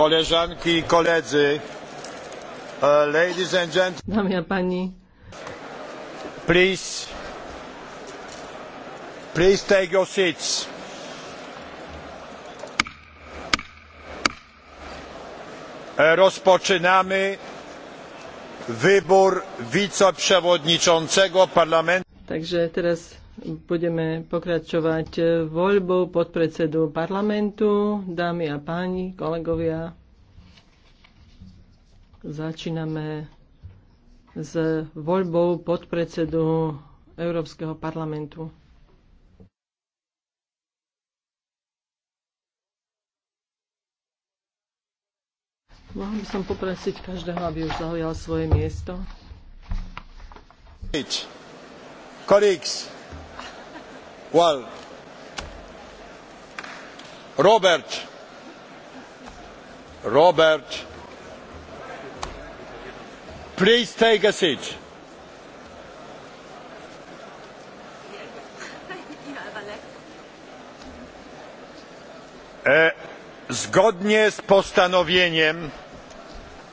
Koleżanki i koledzy, uh, ladies and gentlemen, please, please take your seats. E, rozpoczynamy wybór wiceprzewodniczącego parlamentu. Także teraz budeme pokračovať voľbou podpredsedu parlamentu. Dámy a páni, kolegovia, začíname s voľbou podpredsedu Európskeho parlamentu. Mohol by som poprosiť každého, aby už zaujal svoje miesto. Colleagues, cual Robert Robert please take a seat e, zgodnie z postanowieniem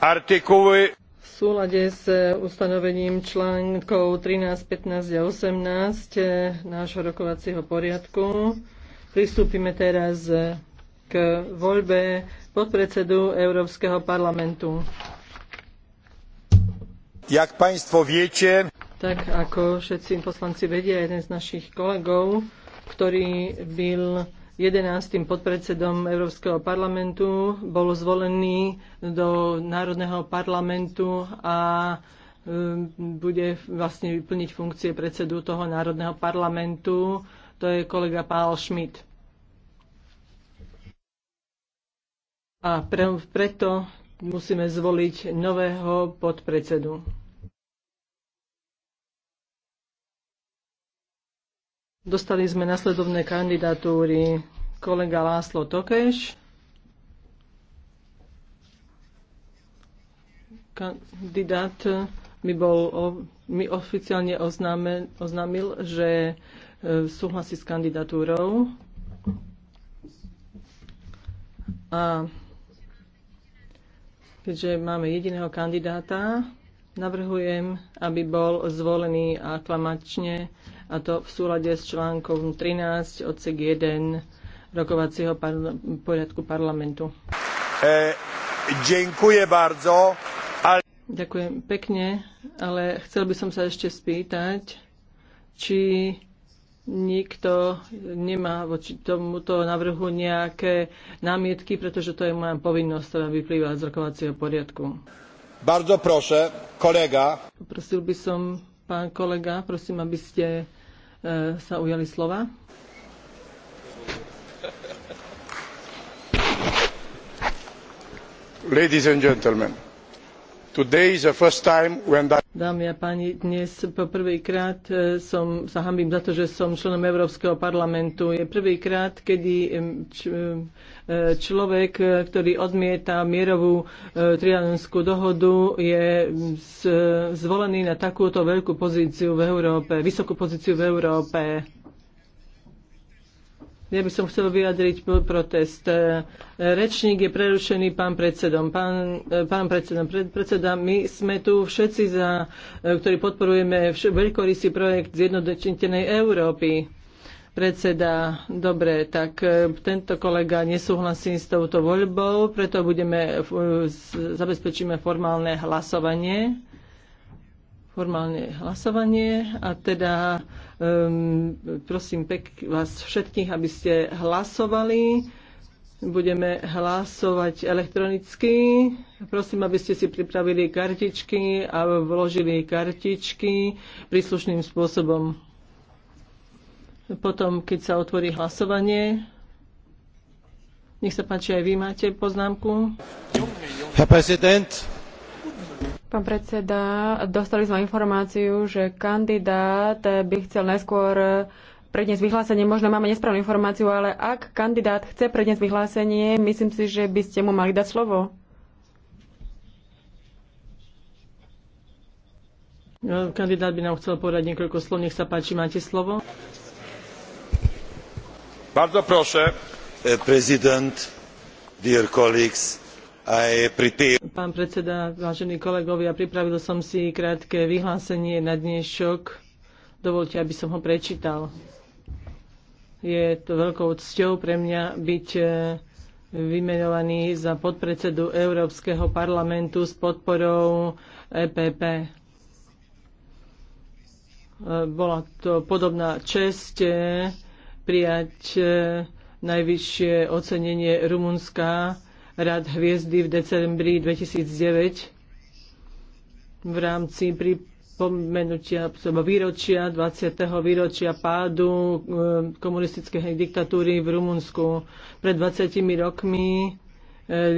artykuły súlade s ustanovením článkov 13, 15 a 18 eh, nášho rokovacieho poriadku pristúpime teraz eh, k voľbe podpredsedu Európskeho parlamentu. Jak państwo viete, tak ako všetci poslanci vedia, jeden z našich kolegov, ktorý byl 11 podpredsedom Európskeho parlamentu, bol zvolený do Národného parlamentu a um, bude vlastne vyplniť funkcie predsedu toho Národného parlamentu. To je kolega Pál Schmidt. A pre, preto musíme zvoliť nového podpredsedu. Dostali sme nasledovné kandidatúry kolega Láslo Tokeš. Kandidát mi bol mi oficiálne oznámen, oznámil, že e, súhlasí s kandidatúrou. A keďže máme jediného kandidáta, navrhujem, aby bol zvolený aklamačne a to v súlade s článkom 13 odsek 1 rokovacieho par- poriadku parlamentu. E, ďakujem bardzo. Ale... Ďakujem pekne, ale chcel by som sa ešte spýtať, či nikto nemá voči tomuto navrhu nejaké námietky, pretože to je moja povinnosť, ktorá vyplýva z rokovacieho poriadku. Bardzo proszę, kolega. Prosil by som, pán kolega, prosím, aby ste e, sa ujali slova. Dámy a páni, dnes po prvýkrát e, som sa hambím za to, že som členom Európskeho parlamentu. Je prvýkrát, kedy e, človek, e, ktorý odmieta mierovú trianonskú dohodu, je zvolený na takúto veľkú pozíciu v Európe, vysokú pozíciu v Európe. Ja by som chcel vyjadriť protest. Rečník je prerušený pán predsedom. Pán, pán predsedom, pred, predseda, my sme tu všetci, za, ktorí podporujeme vš- veľkorysý projekt zjednodušitenej Európy. Predseda, dobre, tak e, tento kolega nesúhlasí s touto voľbou, preto budeme, e, zabezpečíme formálne hlasovanie formálne hlasovanie a teda um, prosím pek vás všetkých, aby ste hlasovali. Budeme hlasovať elektronicky. Prosím, aby ste si pripravili kartičky a vložili kartičky príslušným spôsobom. Potom, keď sa otvorí hlasovanie, nech sa páči, aj vy máte poznámku. Herr Präsident, Pán predseda, dostali sme informáciu, že kandidát by chcel najskôr predniesť vyhlásenie. Možno máme nesprávnu informáciu, ale ak kandidát chce predniesť vyhlásenie, myslím si, že by ste mu mali dať slovo. No, kandidát by nám chcel povedať niekoľko slov. Nech sa páči, máte slovo. Bardzo proszę. Eh, prezident, dear colleagues, Pán predseda, vážení kolegovia, pripravil som si krátke vyhlásenie na dnešok. Dovolte, aby som ho prečítal. Je to veľkou cťou pre mňa byť e, vymenovaný za podpredsedu Európskeho parlamentu s podporou EPP. E, bola to podobná čest e, prijať najvyššie ocenenie Rumunska Rad hviezdy v decembri 2009 v rámci pripomenutia výročia, 20. výročia pádu eh, komunistickej diktatúry v Rumunsku. Pred 20 rokmi eh,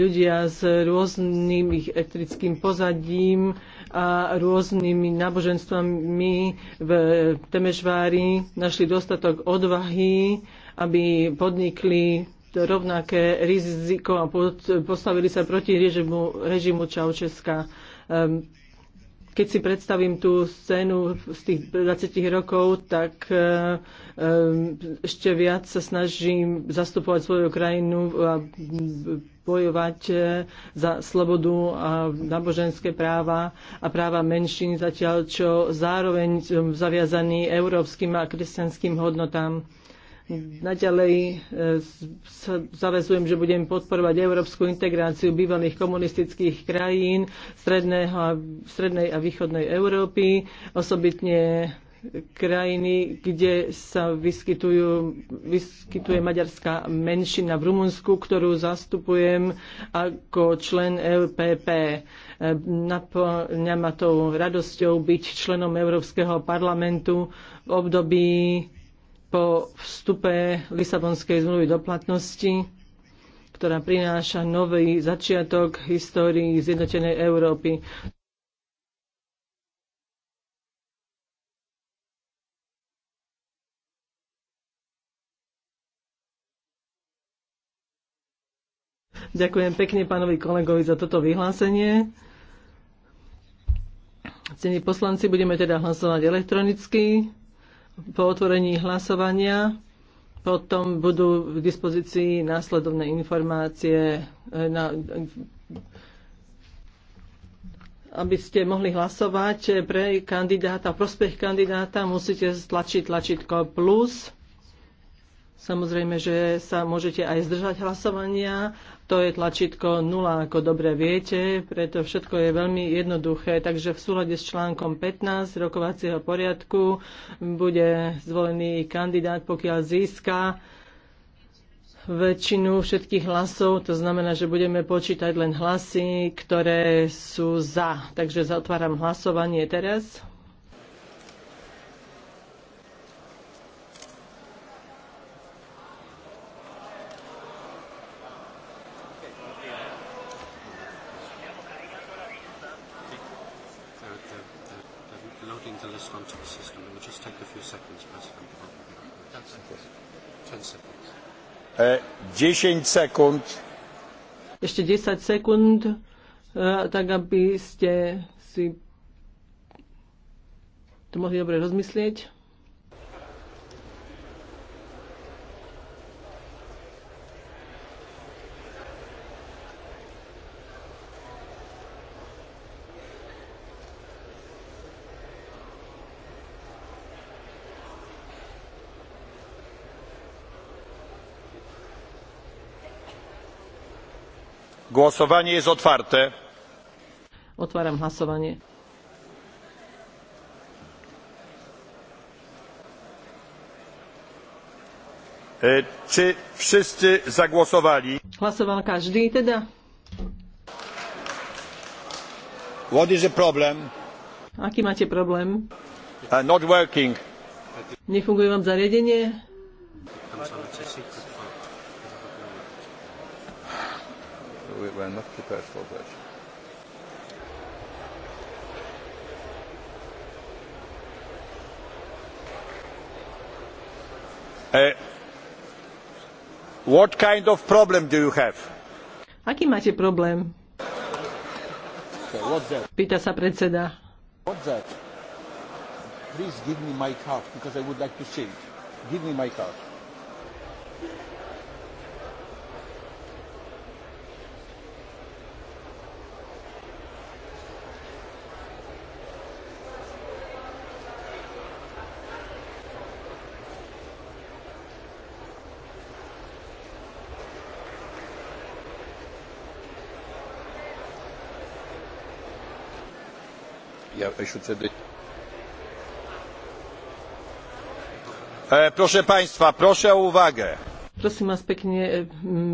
ľudia s rôznym ich etrickým pozadím a rôznymi náboženstvami v Temešvári našli dostatok odvahy, aby podnikli rovnaké riziko a postavili sa proti režimu, režimu Čaučeska. Ehm, keď si predstavím tú scénu z tých 20 rokov, tak ehm, ešte viac sa snažím zastupovať svoju krajinu a bojovať e, za slobodu a náboženské práva a práva menšín, zatiaľ čo zároveň som zaviazaný európskym a kresťanským hodnotám. Naďalej e, sa zavezujem, že budem podporovať európsku integráciu bývalých komunistických krajín stredného, strednej a východnej Európy, osobitne krajiny, kde sa vyskytujú, vyskytuje maďarská menšina v Rumunsku, ktorú zastupujem ako člen EPP. E, naplňa ma tou radosťou byť členom Európskeho parlamentu v období po vstupe Lisabonskej zmluvy do platnosti, ktorá prináša nový začiatok histórii zjednotenej Európy. Ďakujem pekne pánovi kolegovi za toto vyhlásenie. Cení poslanci, budeme teda hlasovať elektronicky po otvorení hlasovania potom budú k dispozícii následovné informácie, e, na, aby ste mohli hlasovať pre kandidáta, prospech kandidáta, musíte stlačiť tlačítko plus. Samozrejme, že sa môžete aj zdržať hlasovania. To je tlačítko 0, ako dobre viete, preto všetko je veľmi jednoduché. Takže v súlade s článkom 15 rokovacieho poriadku bude zvolený kandidát, pokiaľ získa väčšinu všetkých hlasov, to znamená, že budeme počítať len hlasy, ktoré sú za. Takže zatváram hlasovanie teraz. 10 e, sekúnd. Ešte 10 sekúnd, e, tak aby ste si to mohli dobre rozmyslieť. Głosowanie jest otwarte. otwieram głosowanie E, czy wszyscy zagłosowali? głosował każdy teda. What is the problem? Aký máte problém? Uh, not working. Nefunguje vám zariadenie? we were not prepared for that. Uh, what kind of problem do you have? Aký máte problém? Pýta sa predseda. What's that? Please give me my card because I would like to see it. Give me my card. I e, proszę Państwa, proszę o uwagę. Prosím vás pekne, e,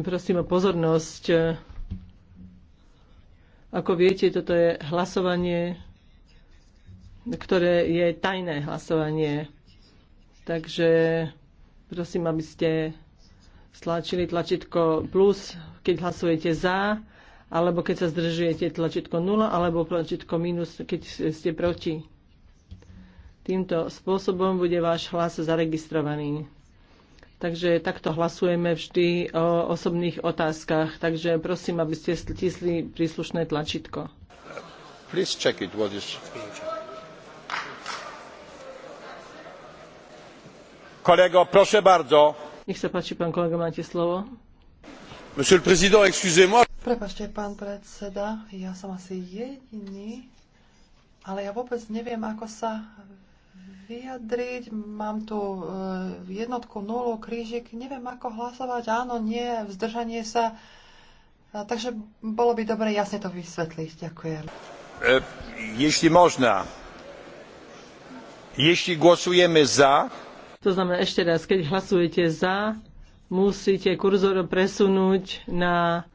prosím o pozornosť. E, ako viete, toto je hlasovanie, ktoré je tajné hlasovanie. Takže prosím, aby ste stlačili tlačítko plus, keď hlasujete za alebo keď sa zdržujete tlačítko 0 alebo tlačítko minus, keď ste proti. Týmto spôsobom bude váš hlas zaregistrovaný. Takže takto hlasujeme vždy o osobných otázkach. Takže prosím, aby ste stisli príslušné tlačítko. Please check it, what is... Kolego, proszę bardzo. Nech sa páči, pán kolega, máte slovo. Monsieur le Président, excusez-moi. Prepašte, pán predseda, ja som asi jediný, ale ja vôbec neviem, ako sa vyjadriť. Mám tu e, jednotku, nulu, krížik, neviem, ako hlasovať. Áno, nie, vzdržanie sa. Takže bolo by dobre jasne to vysvetliť. Ďakujem. E, ešte można, Ešte hlasujeme za... To znamená ešte raz, keď hlasujete za, musíte kurzor presunúť na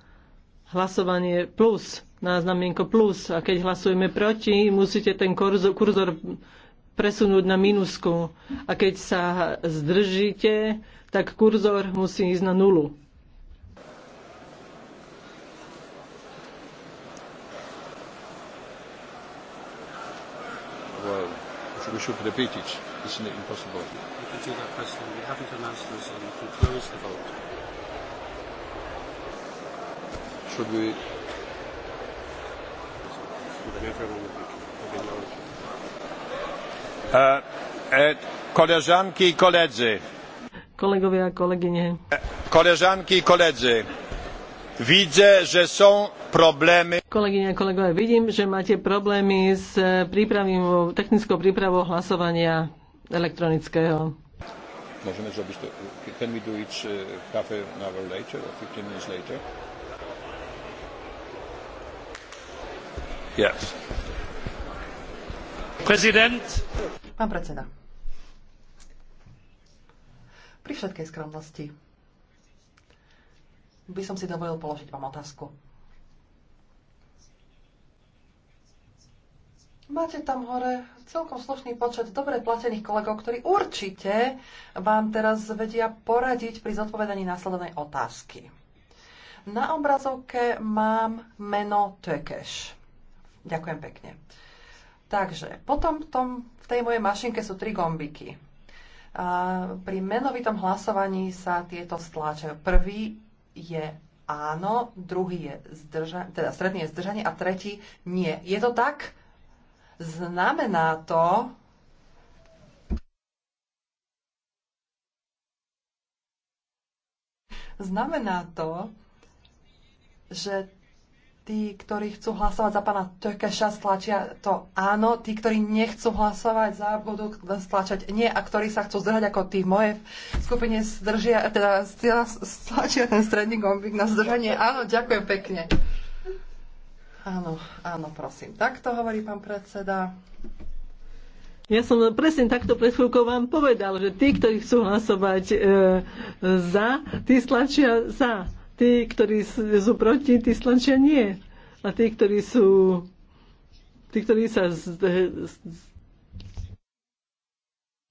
hlasovanie plus, na znamienko plus. A keď hlasujeme proti, musíte ten kurzor, kurzor presunúť na minusku. A keď sa zdržíte, tak kurzor musí ísť na nulu. Well, we should repeat it. impossible? We do that personally. We haven't announced We can close the vote. should uh, we eh, koleżanki i koledzy kolegowie kolegynie e, koleżanki i koledzy widzę że są problémy kolegyne a kolegové, vidím že máte problémy s e, technickou prípravou hlasovania elektronického to. Can we do each an hour later or 15 minutes later? Pán predseda, pri všetkej skromnosti by som si dovolil položiť vám otázku. Máte tam hore celkom slušný počet dobre platených kolegov, ktorí určite vám teraz vedia poradiť pri zodpovedaní následnej otázky. Na obrazovke mám meno Tökeš. Ďakujem pekne. Takže potom v, tom, v tej mojej mašinke sú tri gombiky. A pri menovitom hlasovaní sa tieto stláčajú. Prvý je áno, druhý je zdržanie, teda stredný je zdržanie a tretí nie. Je to tak? Znamená to, Znamená to, že Tí, ktorí chcú hlasovať za pána Tökeša, stlačia to áno. Tí, ktorí nechcú hlasovať za, budú stlačať nie. A ktorí sa chcú zdržať ako tí moje v skupine, zdržia, teda stlačia ten stredný gombík na zdržanie. Áno, ďakujem pekne. Áno, áno, prosím. tak to hovorí pán predseda. Ja som presne takto pred chvíľkou vám povedal, že tí, ktorí chcú hlasovať e, e za, tí stlačia za tí, ktorí sú proti, tí slančia nie. A tí, ktorí sú, tí, ktorí sa z, z,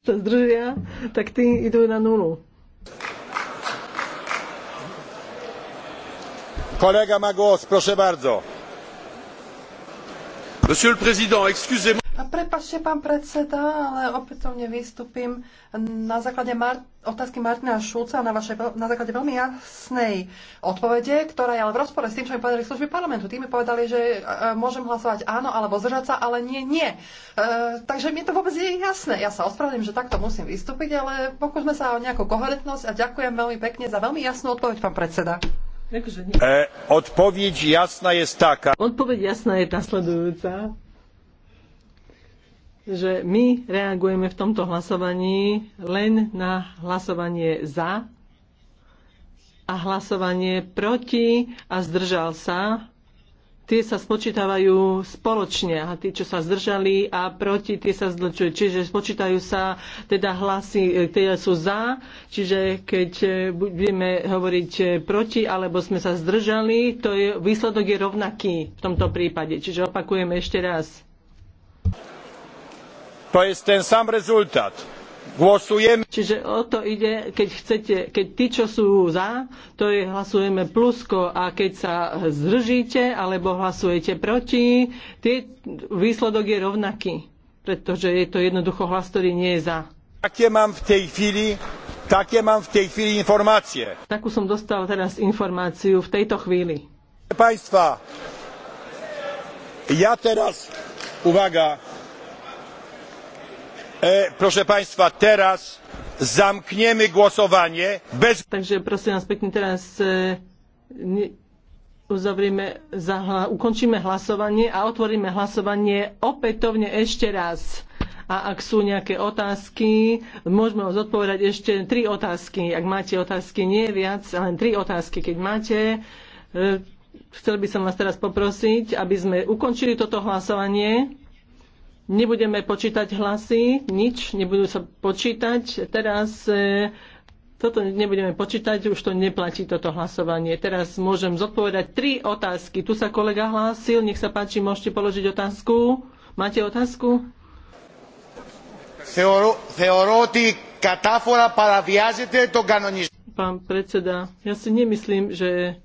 sa zdržia, tak tí idú na nulu. Kolega ma głos, proszę bardzo. Monsieur le Président, excusez-moi prepačte, pán predseda, ale opätovne vystúpim na základe Mar- otázky Martina Šulca na, vašej, na základe veľmi jasnej odpovede, ktorá je ale v rozpore s tým, čo mi povedali služby parlamentu. Tí mi povedali, že e, e, môžem hlasovať áno alebo zdržať sa, ale nie, nie. E, takže mi to vôbec nie je jasné. Ja sa ospravedlím, že takto musím vystúpiť, ale pokúsme sa o nejakú koherentnosť a ďakujem veľmi pekne za veľmi jasnú odpoveď, pán predseda. E, odpoveď jasná je taká. Odpoveď jasná je nasledujúca že my reagujeme v tomto hlasovaní len na hlasovanie za a hlasovanie proti a zdržal sa. Tie sa spočítavajú spoločne a tí, čo sa zdržali a proti, tie sa zdlčujú. Čiže spočítajú sa teda hlasy, ktoré e, sú za, čiže keď e, budeme hovoriť e, proti alebo sme sa zdržali, to je, výsledok je rovnaký v tomto prípade. Čiže opakujem ešte raz to ten sam rezultat. Głosujemy. Čiže o to ide, keď chcete, keď tí, čo sú za, to je hlasujeme plusko a keď sa zdržíte alebo hlasujete proti, tie, výsledok je rovnaký, pretože je to jednoducho hlas, ktorý nie je za. Také mám v tej chvíli také mám v tej chvíli informácie. Takú som dostal teraz informáciu v tejto chvíli. Państwa, ja teraz, uwaga, E, proszę Państwa, teraz zamkniemy głosowanie bez... Takže prosím vás pekne teraz e, uzavrieme, ukončíme hlasovanie a otvoríme hlasovanie opätovne ešte raz. A ak sú nejaké otázky, môžeme zodpovedať ešte tri otázky. Ak máte otázky, nie viac, len tri otázky, keď máte. E, chcel by som vás teraz poprosiť, aby sme ukončili toto hlasovanie nebudeme počítať hlasy, nič, nebudú sa počítať. Teraz e, toto nebudeme počítať, už to neplatí toto hlasovanie. Teraz môžem zodpovedať tri otázky. Tu sa kolega hlásil, nech sa páči, môžete položiť otázku. Máte otázku? Θεωρώ, katafora para κατάφορα to kanonizmu. Pán predseda, ja si nemyslím, že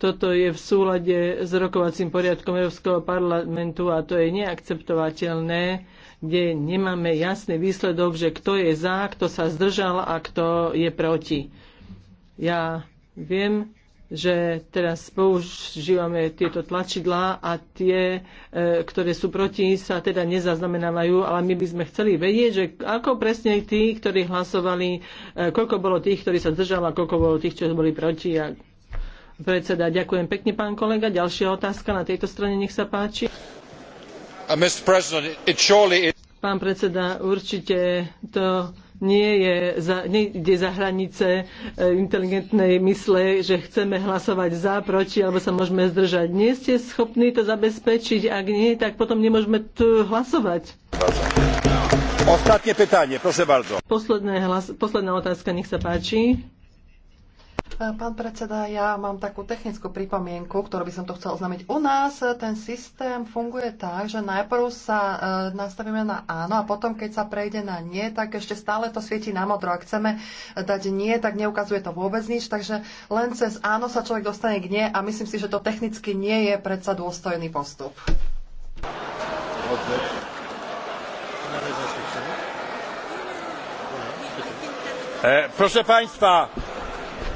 toto je v súlade s rokovacím poriadkom Európskeho parlamentu a to je neakceptovateľné, kde nemáme jasný výsledok, že kto je za, kto sa zdržal a kto je proti. Ja viem, že teraz používame tieto tlačidlá a tie, e, ktoré sú proti, sa teda nezaznamenávajú, ale my by sme chceli vedieť, že ako presne tí, ktorí hlasovali, e, koľko bolo tých, ktorí sa držali a koľko bolo tých, čo boli proti. A Predseda, ďakujem pekne, pán kolega. Ďalšia otázka na tejto strane, nech sa páči. Uh, pán predseda, určite to nie je za, ide za hranice eh, inteligentnej mysle, že chceme hlasovať za, proti, alebo sa môžeme zdržať. Nie ste schopní to zabezpečiť. Ak nie, tak potom nemôžeme tu hlasovať. Ostatné pytanie, prosím bardzo. Posledné hlas, posledná otázka, nech sa páči. Eh, pán predseda, ja mám takú technickú pripomienku, ktorú by som to chcel oznámiť. U nás eh, ten systém funguje tak, že najprv sa eh, nastavíme na áno a potom, keď sa prejde na nie, tak ešte stále to svieti na modro. Ak chceme dať nie, tak neukazuje to vôbec nič, takže len cez áno sa človek dostane k nie a myslím si, že to technicky nie je predsa dôstojný postup. Proszę Państwa,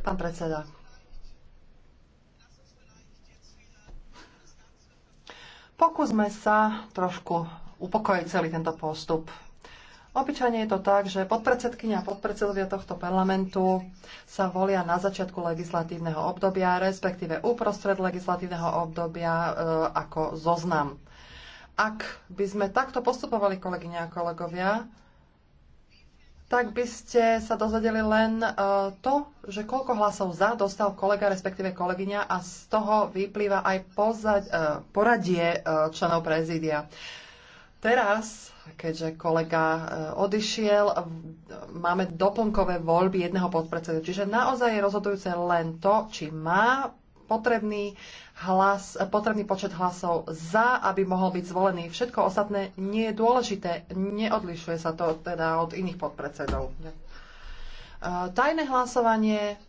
Pán predseda. Pokúsme sa trošku upokojiť celý tento postup. Obyčajne je to tak, že podpredsedkynia a podpredsedovia tohto parlamentu sa volia na začiatku legislatívneho obdobia, respektíve uprostred legislatívneho obdobia e, ako zoznam. Ak by sme takto postupovali, kolegyne a kolegovia, tak by ste sa dozvedeli len e, to, že koľko hlasov za dostal kolega, respektíve kolegyňa a z toho vyplýva aj pozad, e, poradie e, členov prezídia. Teraz, keďže kolega odišiel, máme doplnkové voľby jedného podpredsedu. Čiže naozaj je rozhodujúce len to, či má potrebný hlas, potrebný počet hlasov za, aby mohol byť zvolený. Všetko ostatné nie je dôležité. Neodlišuje sa to teda od iných podpredsedov. E, tajné hlasovanie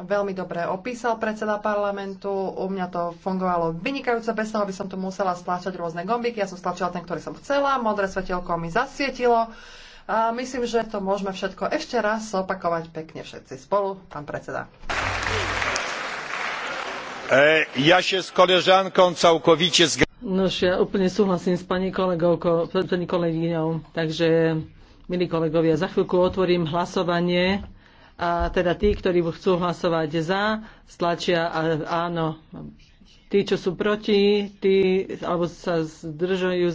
veľmi dobre opísal predseda parlamentu. U mňa to fungovalo vynikajúce bez toho, aby som tu musela stlačať rôzne gombiky. Ja som stlačila ten, ktorý som chcela. Modré svetelko mi zasvietilo. A myslím, že to môžeme všetko ešte raz opakovať pekne všetci spolu. Pán predseda. E, ja się z koleżanką całkowicie zgadzam. Nož ja úplne súhlasím s pani kolegovkou, pani kolegyňou. Takže, milí kolegovia, za chvíľku otvorím hlasovanie. A teda tí, ktorí chcú hlasovať za, stlačia áno. Tí, čo sú proti, tí, alebo sa zdržujú,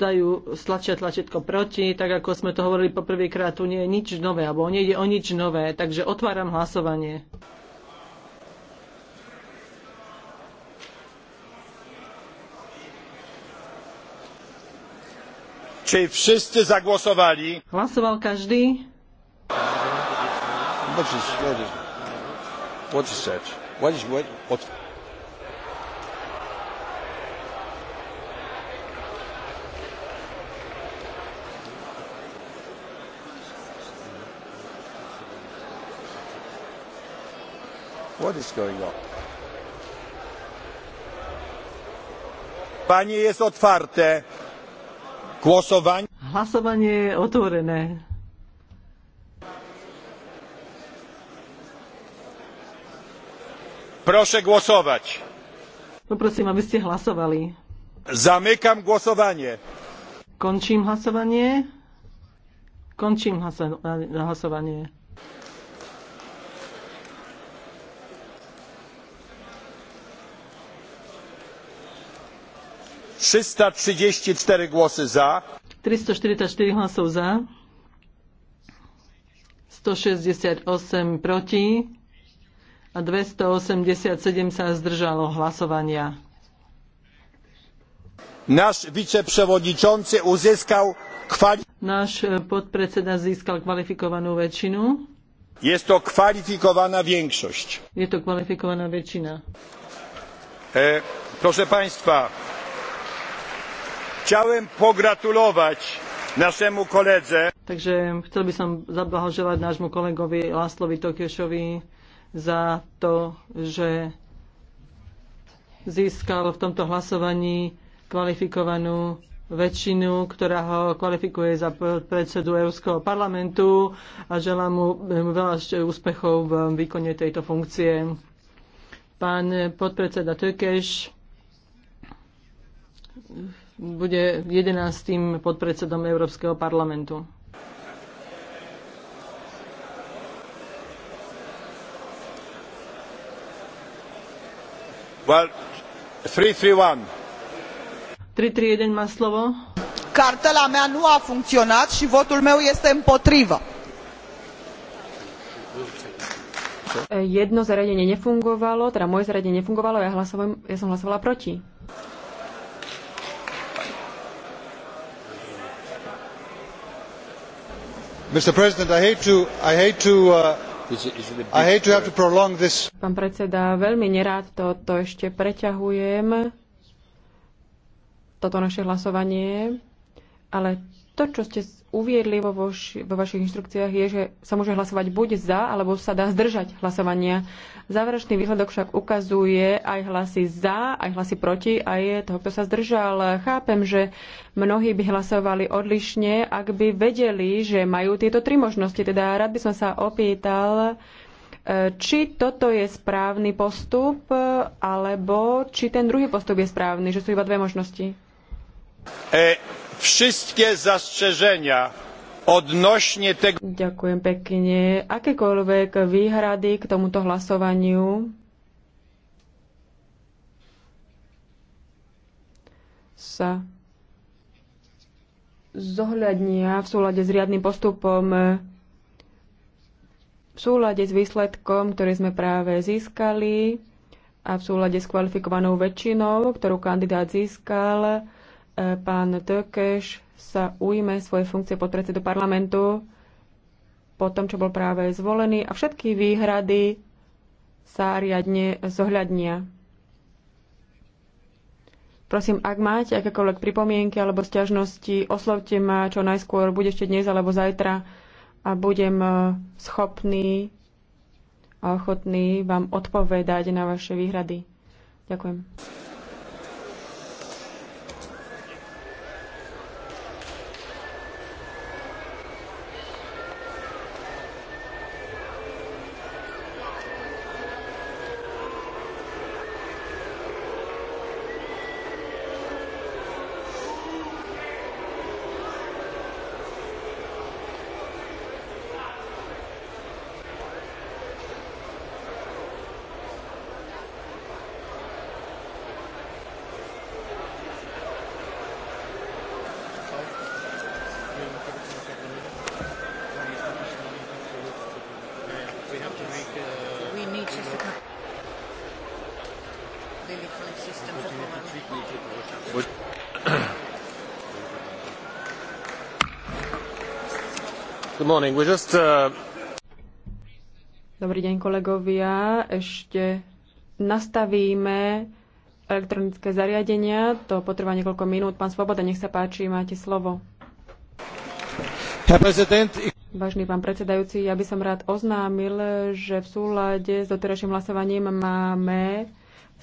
dajú stlačia tlačítko proti, tak ako sme to hovorili poprvýkrát, tu nie je nič nové, alebo nie je o nič nové. Takže otváram hlasovanie. Czy wszyscy zagłosowali? Głosował każdy. What is, what is, what is that? What is, what, what? What is going on? Panie jest otwarte. Hlasovanie je otvorené. Proszę głosować. Poprosím, aby ste hlasovali. Zamykam głosowanie. Končím hlasovanie. Končím hlasovanie. trzydzieści cztery głosy za. cztery głosów za. 168 proti a 287 sa zdržalo głosowania Nasz wiceprzewodniczący uzyskał kwali... nasz podpredseda zyskał kwalifikowaną większość Jest to kwalifikowana większość. Jest to kwalifikowana większość E, proszę Państwa, Chciałem pogratulować naszemu koledze. Takže chciałbym by som naszemu kolegowi kolegovi Laslovi Tokiešovi za to, že získal v tomto hlasovaní kvalifikovanú väčšinu, ktorá ho kvalifikuje za predsedu Európskeho parlamentu a želám mu veľa úspechov v výkone tejto funkcie. Pán podpredseda Tökeš, bude 11. podpredsedom Európskeho parlamentu. Well, 331. 331 má slovo. Cartela mea nu a funcționat și votul meu este împotrivă. Jedno zariadenie nefungovalo, teda moje zariadenie nefungovalo, ja, ja som hlasovala proti. Mr. President, I hate to, I hate to, uh, Pán predseda, veľmi nerád to, to ešte preťahujem, toto naše hlasovanie, ale to, čo ste uviedli vo, voš, vo vašich inštrukciách, je, že sa môže hlasovať buď za, alebo sa dá zdržať hlasovania. Záverečný výsledok však ukazuje aj hlasy za, aj hlasy proti, aj toho, kto sa zdržal. Chápem, že mnohí by hlasovali odlišne, ak by vedeli, že majú tieto tri možnosti. Teda rád by som sa opýtal, e, či toto je správny postup, alebo či ten druhý postup je správny, že sú iba dve možnosti. E wszystkie zastrzeżenia odnośnie tego... Ďakujem pekne. Akékoľvek výhrady k tomuto hlasovaniu sa zohľadnia v súlade s riadnym postupom v súlade s výsledkom, ktorý sme práve získali a v súlade s kvalifikovanou väčšinou, ktorú kandidát získal, pán Tökeš sa ujme svoje funkcie predsedu parlamentu po tom, čo bol práve zvolený a všetky výhrady sa riadne zohľadnia. Prosím, ak máte akékoľvek pripomienky alebo stiažnosti, oslovte ma čo najskôr, bude ešte dnes alebo zajtra a budem e, schopný a ochotný vám odpovedať na vaše výhrady. Ďakujem. Uh, Dobrý deň, kolegovia. Ešte nastavíme elektronické zariadenia. To potrvá niekoľko minút. Pán Svoboda, nech sa páči, máte slovo. Vážny pán predsedajúci, ja by som rád oznámil, že v súlade s doterajším hlasovaním máme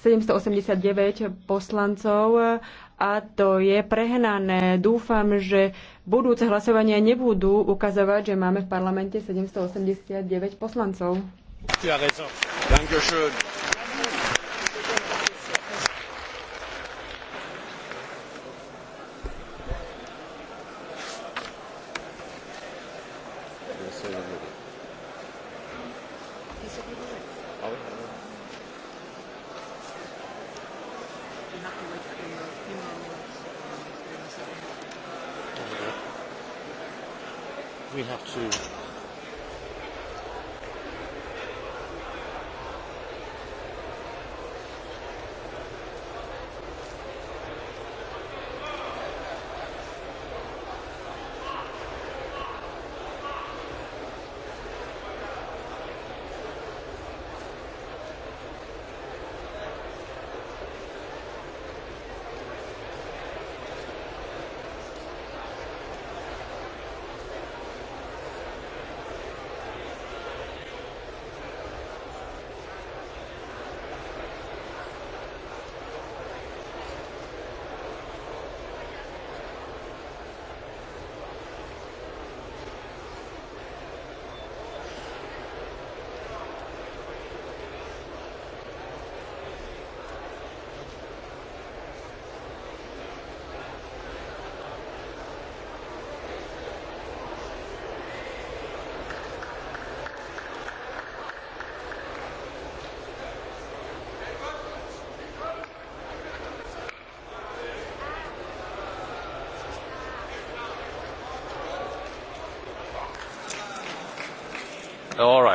789 poslancov a to je prehnané. Dúfam, že budúce hlasovania nebudú ukazovať, že máme v parlamente 789 poslancov. Ja,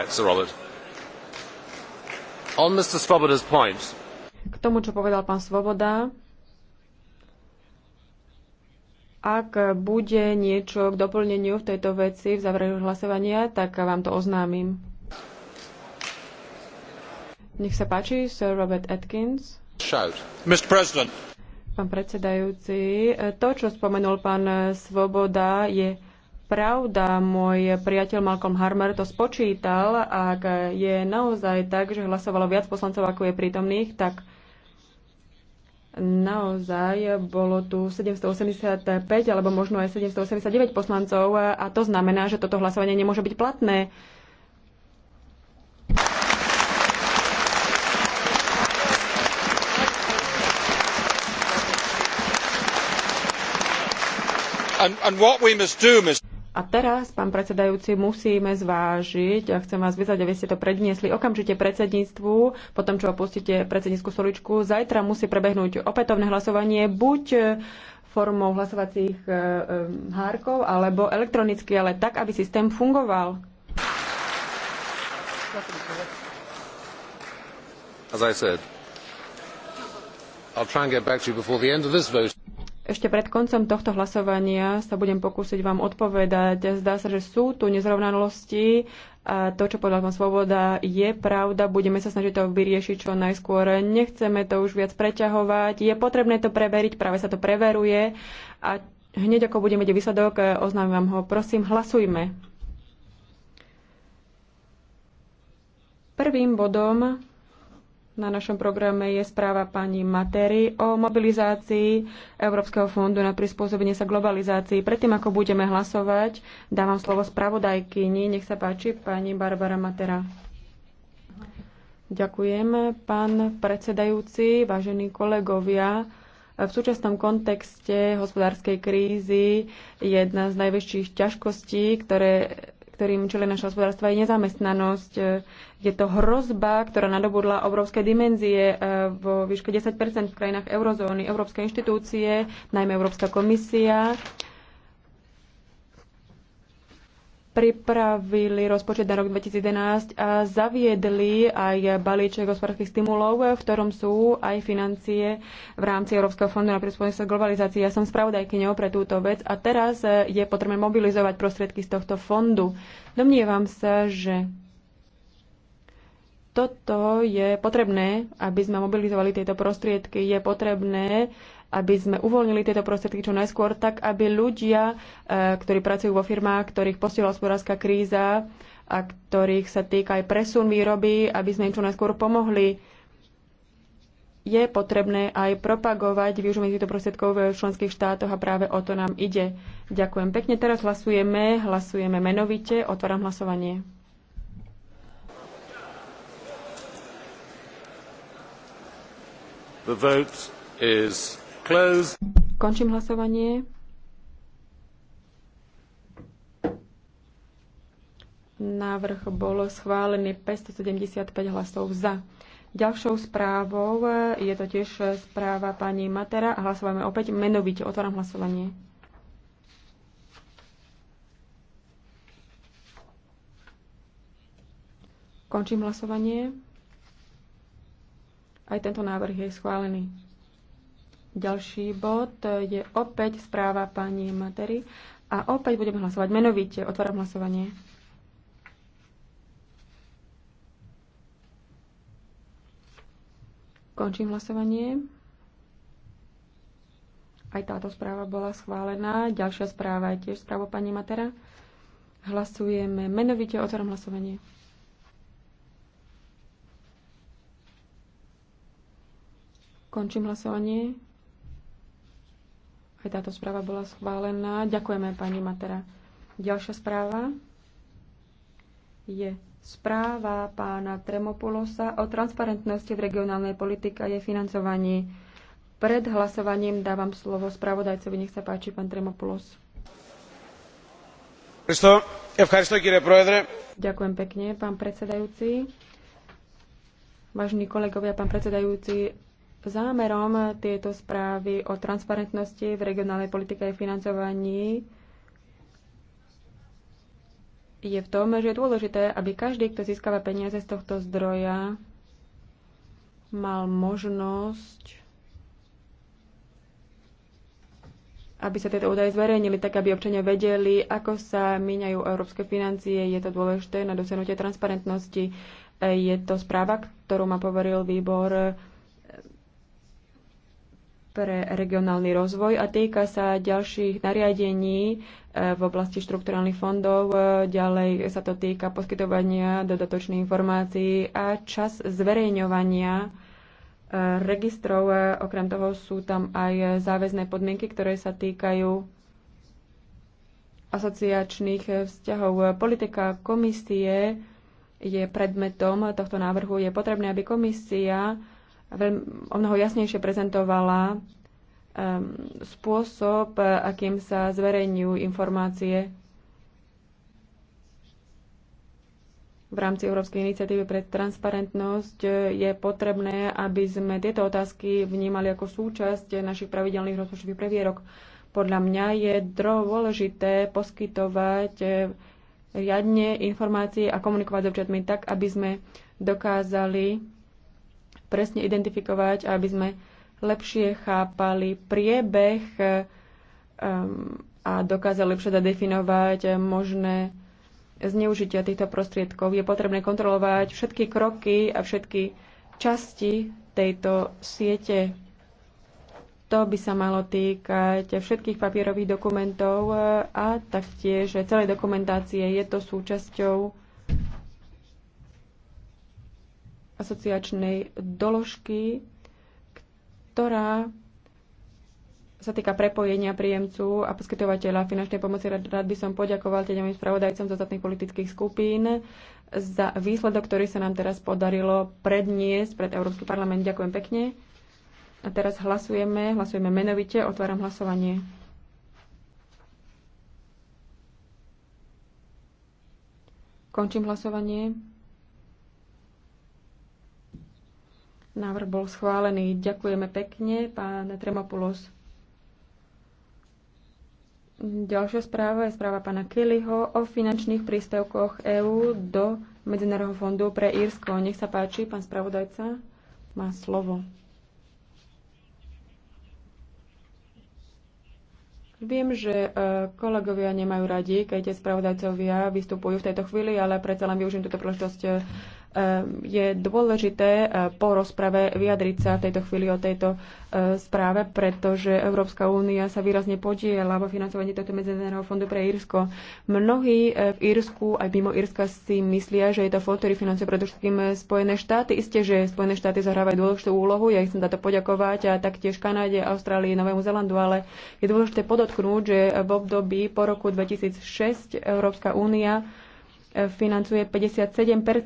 right, Sir Robert. On Mr. Svoboda's point. K tomu, čo povedal pán Svoboda, ak bude niečo k doplneniu v tejto veci v záveru hlasovania, tak vám to oznámim. Nech sa páči, Sir Robert Atkins. Shout. Mr. President. Pán predsedajúci, to, čo spomenul pán Svoboda, je pravda. Môj priateľ Malcolm Harmer to spočítal. Ak je naozaj tak, že hlasovalo viac poslancov, ako je prítomných, tak naozaj bolo tu 785 alebo možno aj 789 poslancov a to znamená, že toto hlasovanie nemôže byť platné. And, and do, a teraz, pán predsedajúci, musíme zvážiť, a chcem vás vyzvať, aby ste to predniesli okamžite predsedníctvu, potom čo opustíte predsedníckú soličku, zajtra musí prebehnúť opätovné hlasovanie, buď e, formou hlasovacích e, e, hárkov, alebo elektronicky, ale tak, aby systém fungoval. As I said, I'll try and get back to you before the end of this vote. Ešte pred koncom tohto hlasovania sa budem pokúsiť vám odpovedať. Zdá sa, že sú tu nezrovnalosti a to, čo podľa vám svoboda, je pravda. Budeme sa snažiť to vyriešiť čo najskôr. Nechceme to už viac preťahovať. Je potrebné to preveriť, práve sa to preveruje. A hneď ako budeme ide výsledok, oznámim vám ho. Prosím, hlasujme. Prvým bodom na našom programe je správa pani Matery o mobilizácii Európskeho fondu na prispôsobenie sa globalizácii. Predtým, ako budeme hlasovať, dávam slovo spravodajkyni. Nech sa páči, pani Barbara Matera. Ďakujem, pán predsedajúci, vážení kolegovia. V súčasnom kontexte hospodárskej krízy jedna z najväčších ťažkostí, ktoré ktorým čele naše hospodárstva, je nezamestnanosť. E, je to hrozba, ktorá nadobudla obrovské dimenzie e, vo výške 10 v krajinách eurozóny. Európske inštitúcie, najmä Európska komisia, pripravili rozpočet na rok 2011 a zaviedli aj balíček hospodárskych stimulov, v ktorom sú aj financie v rámci Európskeho fondu na prispôsobenie sa globalizácii. Ja som spravodajkyňou pre túto vec a teraz je potrebné mobilizovať prostriedky z tohto fondu. Domnievam sa, že toto je potrebné, aby sme mobilizovali tieto prostriedky. Je potrebné aby sme uvoľnili tieto prostriedky čo najskôr, tak aby ľudia, e, ktorí pracujú vo firmách, ktorých postihla hospodárska kríza a ktorých sa týka aj presun výroby, aby sme im čo najskôr pomohli. Je potrebné aj propagovať využívanie týchto prostriedkov v členských štátoch a práve o to nám ide. Ďakujem pekne. Teraz hlasujeme, hlasujeme menovite. Otváram hlasovanie. The vote is Končím hlasovanie. Návrh bol schválený 575 hlasov za. Ďalšou správou je to tiež správa pani Matera a hlasujeme opäť menovite. Otváram hlasovanie. Končím hlasovanie. Aj tento návrh je schválený. Ďalší bod je opäť správa pani Matery a opäť budeme hlasovať menovite. Otváram hlasovanie. Končím hlasovanie. Aj táto správa bola schválená. Ďalšia správa je tiež správa pani Matera. Hlasujeme menovite. Otváram hlasovanie. Končím hlasovanie. Aj táto správa bola schválená. Ďakujeme, pani Matera. Ďalšia správa je správa pána Tremopulosa o transparentnosti v regionálnej politike a jej financovaní. Pred hlasovaním dávam slovo spravodajcovi. Nech sa páči, pán Tremopulos. Ďakujem pekne, pán predsedajúci. Vážení kolegovia, pán predsedajúci, Zámerom tieto správy o transparentnosti v regionálnej politike a financovaní je v tom, že je dôležité, aby každý, kto získava peniaze z tohto zdroja, mal možnosť, aby sa tieto údaje zverejnili, tak aby občania vedeli, ako sa míňajú európske financie. Je to dôležité na dosiahnutie transparentnosti. Je to správa, ktorú ma poveril výbor pre regionálny rozvoj a týka sa ďalších nariadení e, v oblasti štrukturálnych fondov. E, ďalej sa to týka poskytovania dodatočných informácií a čas zverejňovania e, registrov. Okrem toho sú tam aj záväzné podmienky, ktoré sa týkajú asociačných vzťahov. Politika komisie je predmetom tohto návrhu. Je potrebné, aby komisia veľmi, o mnoho jasnejšie prezentovala um, spôsob, akým sa zverejňujú informácie v rámci Európskej iniciatívy pre transparentnosť je potrebné, aby sme tieto otázky vnímali ako súčasť našich pravidelných rozpočtových previerok. Podľa mňa je dôležité poskytovať eh, riadne informácie a komunikovať s občatmi tak, aby sme dokázali presne identifikovať, aby sme lepšie chápali priebeh eh, a dokázali lepšie zadefinovať možné zneužitia týchto prostriedkov. Je potrebné kontrolovať všetky kroky a všetky časti tejto siete. To by sa malo týkať všetkých papierových dokumentov eh, a taktiež celej dokumentácie. Je to súčasťou asociačnej doložky, ktorá sa týka prepojenia príjemcu a poskytovateľa finančnej pomoci. Rád by som poďakoval tieňovým spravodajcom z ostatných politických skupín za výsledok, ktorý sa nám teraz podarilo predniesť pred Európsky parlament. Ďakujem pekne. A teraz hlasujeme, hlasujeme menovite, otváram hlasovanie. Končím hlasovanie. Návrh bol schválený. Ďakujeme pekne, pán Tremopulos. Ďalšia správa je správa pána Kellyho o finančných príspevkoch EÚ do Medzinárodného fondu pre Írsko. Nech sa páči, pán spravodajca má slovo. Viem, že e, kolegovia nemajú radi, keď spravodajcovia vystupujú v tejto chvíli, ale predsa len využijem túto príležitosť e, Eh, je dôležité eh, po rozprave vyjadriť sa v tejto chvíli o tejto eh, správe, pretože Európska únia sa výrazne podiela vo financovaní tohto medzinárodného fondu pre Írsko. Mnohí v Írsku aj mimo Írska si myslia, že je to fond, ktorý financuje predovšetkým Spojené štáty. Isté, že Spojené štáty zahrávajú dôležitú úlohu, ja chcem za to poďakovať a taktiež Kanáde, Austrálii, Novému Zelandu, ale je dôležité podotknúť, že v období po roku 2006 Európska únia financuje 57 e,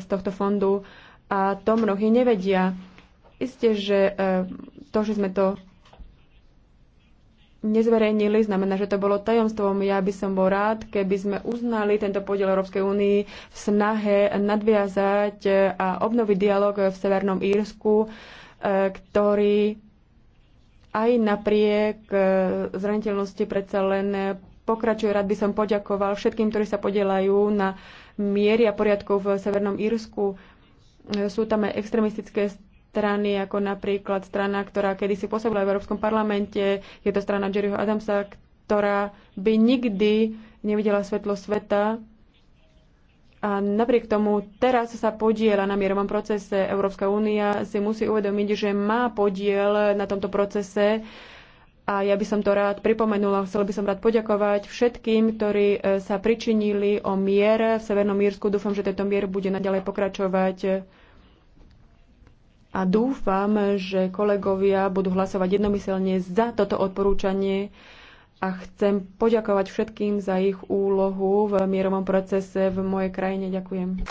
z tohto fondu a to mnohí nevedia. Isté, že e, to, že sme to nezverejnili, znamená, že to bolo tajomstvom. Ja by som bol rád, keby sme uznali tento podiel Európskej únii v snahe nadviazať e, a obnoviť dialog v Severnom Írsku, ktorý aj napriek zraniteľnosti predsa len pokračuje. Rád by som poďakoval všetkým, ktorí sa podielajú na miery a poriadkov v Severnom Írsku. Sú tam aj extremistické strany, ako napríklad strana, ktorá kedysi pôsobila v Európskom parlamente. Je to strana Jerryho Adamsa, ktorá by nikdy nevidela svetlo sveta. A napriek tomu teraz sa podiela na mierovom procese. Európska únia si musí uvedomiť, že má podiel na tomto procese a ja by som to rád pripomenula, chcel by som rád poďakovať všetkým, ktorí e, sa pričinili o mier v Severnom Mírsku. Dúfam, že tento mier bude naďalej pokračovať. A dúfam, že kolegovia budú hlasovať jednomyselne za toto odporúčanie. A chcem poďakovať všetkým za ich úlohu v mierovom procese v mojej krajine. Ďakujem.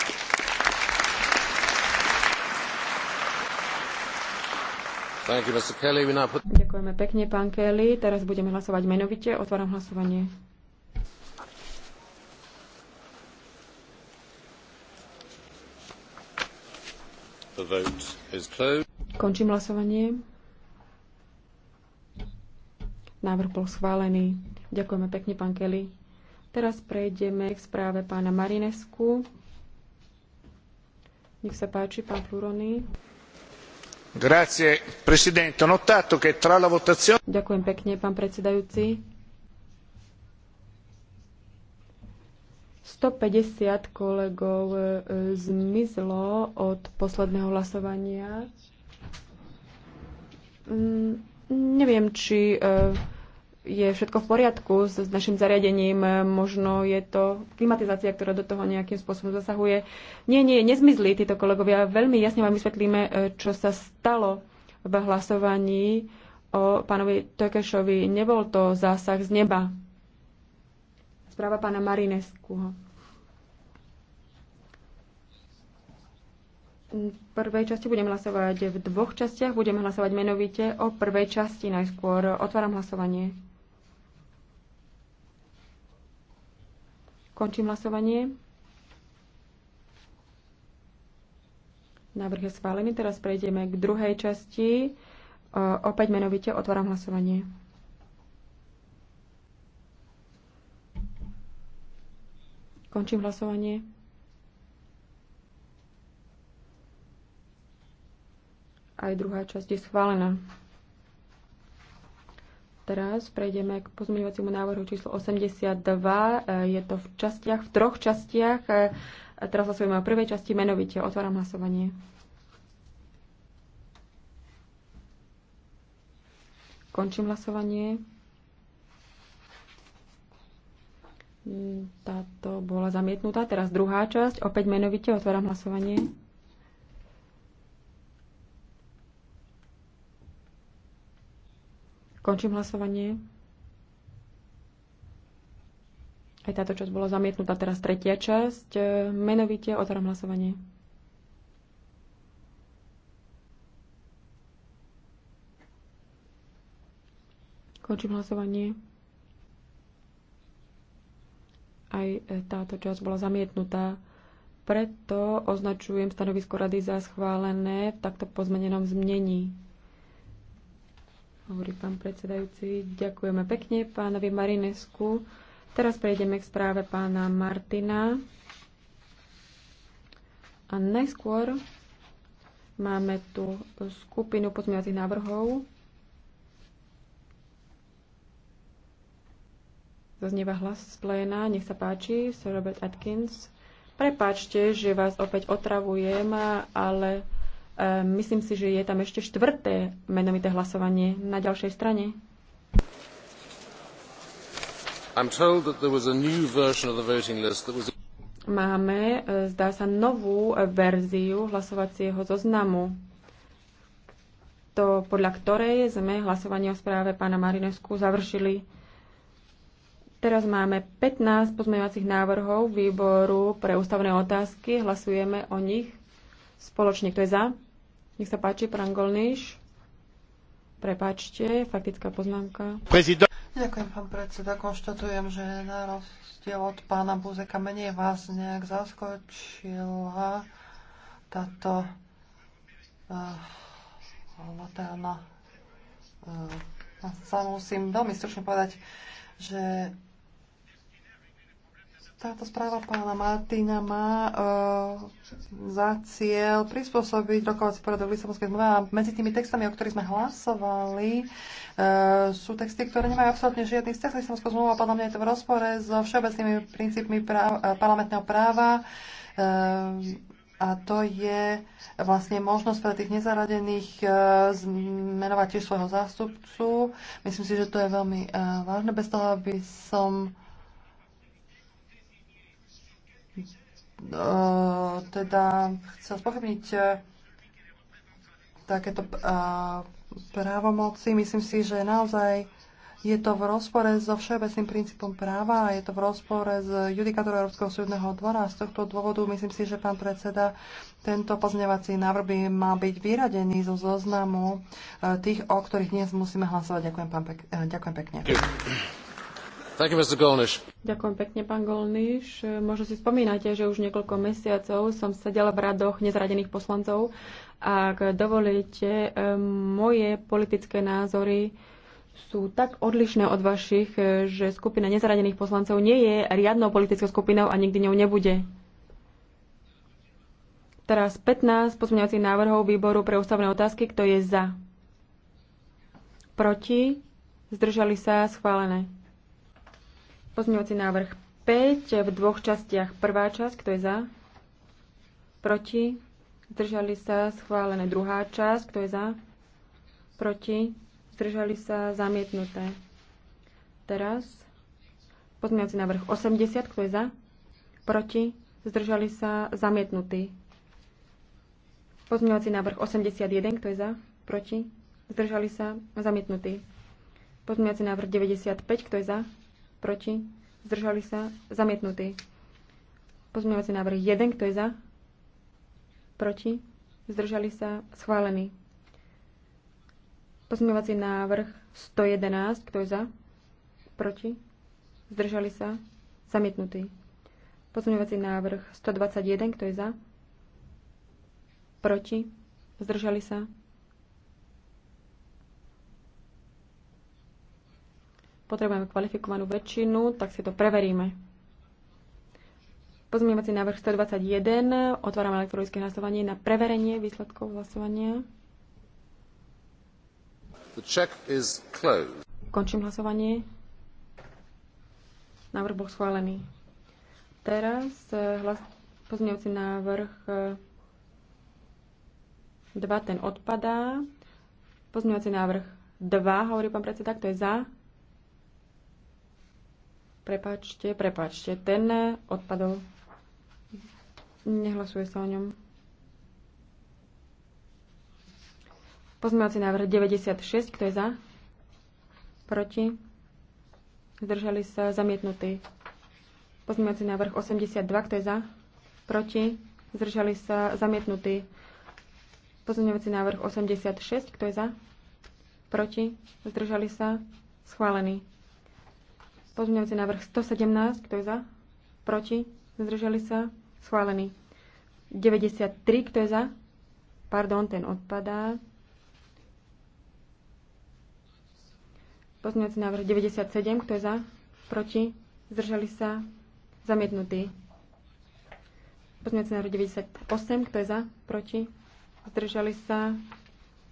You, put... Ďakujeme pekne, pán Kelly. Teraz budeme hlasovať menovite. Otváram hlasovanie. Končím hlasovanie. Návrh bol schválený. Ďakujeme pekne, pán Kelly. Teraz prejdeme k správe pána Marinesku. Nech sa páči, pán Flurony. Ďakujem pekne, pán predsedajúci. 150 kolegov e, zmizlo od posledného hlasovania. Mm, neviem, či e, je všetko v poriadku s, s našim zariadením, možno je to klimatizácia, ktorá do toho nejakým spôsobom zasahuje. Nie, nie, nezmizli títo kolegovia. Veľmi jasne vám vysvetlíme, e, čo sa stalo v hlasovaní o pánovi Tokešovi. Nebol to zásah z neba. Správa pána Marineskuho. V prvej časti budeme hlasovať v dvoch častiach. Budeme hlasovať menovite o prvej časti najskôr. Otváram hlasovanie. Končím hlasovanie. Návrh je schválený. Teraz prejdeme k druhej časti. Opäť menovite otváram hlasovanie. Končím hlasovanie. Aj druhá časť je schválená. Teraz prejdeme k pozmeňovaciemu návrhu číslo 82. Je to v častiach, v troch častiach. Teraz hlasujeme o prvej časti menovite. Otváram hlasovanie. Končím hlasovanie. Táto bola zamietnutá. Teraz druhá časť. Opäť menovite otváram hlasovanie. Končím hlasovanie. Aj táto časť bola zamietnutá. Teraz tretia časť. E, menovite otváram hlasovanie. Končím hlasovanie. Aj e, táto časť bola zamietnutá. Preto označujem stanovisko rady za schválené v takto pozmenenom zmnení hovorí pán predsedajúci. Ďakujeme pekne pánovi Marinesku. Teraz prejdeme k správe pána Martina. A najskôr máme tu skupinu pozmeňovacích návrhov. Zaznieva hlas z pléna. Nech sa páči, Sir Robert Atkins. Prepáčte, že vás opäť otravujem, ale E, myslím si, že je tam ešte štvrté menovité hlasovanie na ďalšej strane. Was... Máme, e, zdá sa, novú verziu hlasovacieho zoznamu, to podľa ktorej sme hlasovanie o správe pána Marinesku završili. Teraz máme 15 pozmeňovacích návrhov výboru pre ústavné otázky. Hlasujeme o nich spoločne. Kto je za? Nech sa páči, pán Golniš. Prepačte, faktická poznámka. Prezident. Ďakujem, pán predseda. Konštatujem, že na rozdiel od pána Buzeka menej vás nejak zaskočila táto uh, laterna. Uh, sa musím veľmi stručne povedať, že táto správa pána Martina má uh, za cieľ prispôsobiť rokovací poriadok Lisabonskej zmluve a medzi tými textami, o ktorých sme hlasovali, uh, sú texty, ktoré nemajú absolútne žiadny vzťah s Lisabonskou zmluvou a podľa mňa je to v rozpore so všeobecnými princípmi práv, uh, parlamentného práva. Uh, a to je vlastne možnosť pre tých nezaradených zmenovať tiež svojho zástupcu. Myslím si, že to je veľmi vážne, bez toho, aby som No, teda chcel spochybniť eh, takéto eh, právomoci. Myslím si, že naozaj je to v rozpore so všeobecným princípom práva a je to v rozpore s judikátorom Európskeho súdneho dvora. Z tohto dôvodu myslím si, že pán predseda tento pozňovací návrh by mal byť vyradený zo zoznamu eh, tých, o ktorých dnes musíme hlasovať. Ďakujem, pán pek- ďakujem pekne. Ďakujem pekne, pán Golniš. Možno si spomínate, že už niekoľko mesiacov som sedela v radoch nezradených poslancov. Ak dovolíte, moje politické názory sú tak odlišné od vašich, že skupina nezradených poslancov nie je riadnou politickou skupinou a nikdy ňou nebude. Teraz 15 pozmeňovacích návrhov výboru pre ústavné otázky. Kto je za? Proti? Zdržali sa? Schválené. Pozmeňovací návrh 5 v dvoch častiach. Prvá časť, kto je za? Proti? Zdržali sa schválené. Druhá časť, kto je za? Proti? Zdržali sa zamietnuté. Teraz pozmeňovací návrh 80, kto je za? Proti? Zdržali sa zamietnutý. Pozmeňovací návrh 81, kto je za? Proti? Zdržali sa zamietnutý. Pozmeňovací návrh 95, kto je za? proti, zdržali sa, zamietnutý. Pozmeňovací návrh 1, kto je za, proti, zdržali sa, schválený. Pozmeňovací návrh 111, kto je za, proti, zdržali sa, zamietnutý. Pozmeňovací návrh 121, kto je za, proti, zdržali sa, potrebujeme kvalifikovanú väčšinu, tak si to preveríme. Pozmievací návrh 121. Otváram elektronické hlasovanie na preverenie výsledkov hlasovania. The check is closed. Končím hlasovanie. Návrh bol schválený. Teraz eh, hlas, pozmeňujúci návrh 2, eh, ten odpadá. Pozmeňovací návrh 2, hovorí pán predseda, kto je za? Prepačte, prepačte, ten odpadol. Nehlasuje sa o ňom. Pozmeňovací návrh 96, kto je za? Proti? Zdržali sa zamietnutí. Pozmeňovací návrh 82, kto je za? Proti? Zdržali sa zamietnutí. Pozmeňovací návrh 86, kto je za? Proti? Zdržali sa? Schválený. Pozmeňujúci návrh 117, kto je za? Proti? Zdržali sa? Schválený. 93, kto je za? Pardon, ten odpadá. Pozmeňujúci návrh 97, kto je za? Proti? Zdržali sa? Zamietnutý. Pozmeňujúci návrh 98, kto je za? Proti? Zdržali sa?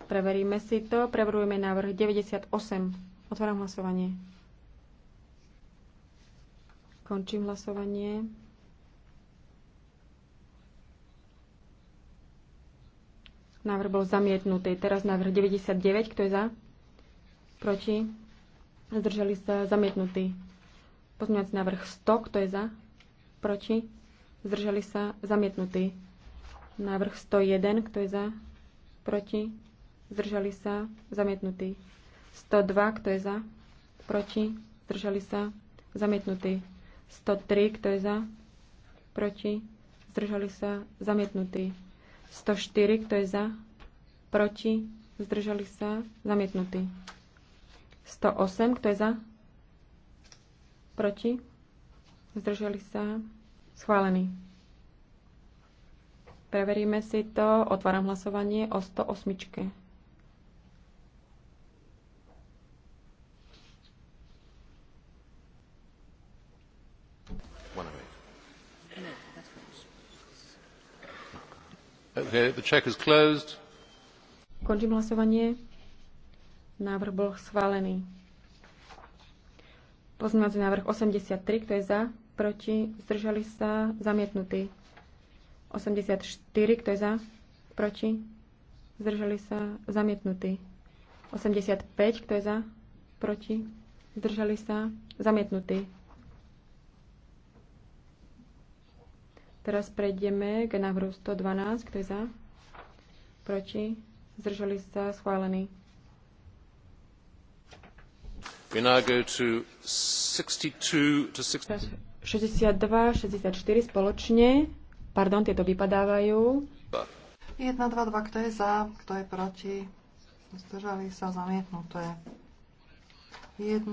Preveríme si to. Preverujeme návrh 98. Otváram hlasovanie. Končím hlasovanie. Návrh bol zamietnutý. Teraz návrh 99. Kto je za? Proti? Zdržali sa zamietnutý. Pozmeňovací návrh 100. Kto je za? Proti? Zdržali sa zamietnutý. Návrh 101. Kto je za? Proti? Zdržali sa zamietnutý. 102. Kto je za? Proti? Zdržali sa zamietnutý. 103, kto je za? Proti? Zdržali sa? Zamietnutí. 104, kto je za? Proti? Zdržali sa? Zamietnutí. 108, kto je za? Proti? Zdržali sa? Schválený. Preveríme si to. Otváram hlasovanie o 108. Okay, the check is closed. Končím hlasovanie. Návrh bol schválený. Pozmeňovací návrh 83, kto je za, proti, zdržali sa, zamietnutý. 84, kto je za, proti, zdržali sa, zamietnutý. 85, kto je za, proti, zdržali sa, zamietnutý. Teraz prejdeme k návrhu 112. Kto je za? Proti? Zdržali sa? Schválený. We now go to 62 to 60... 62, 64 spoločne. Pardon, tieto vypadávajú. 1, 2, 2, kto je za, kto je proti? Zdržali sa, zamietnuté. 1.05,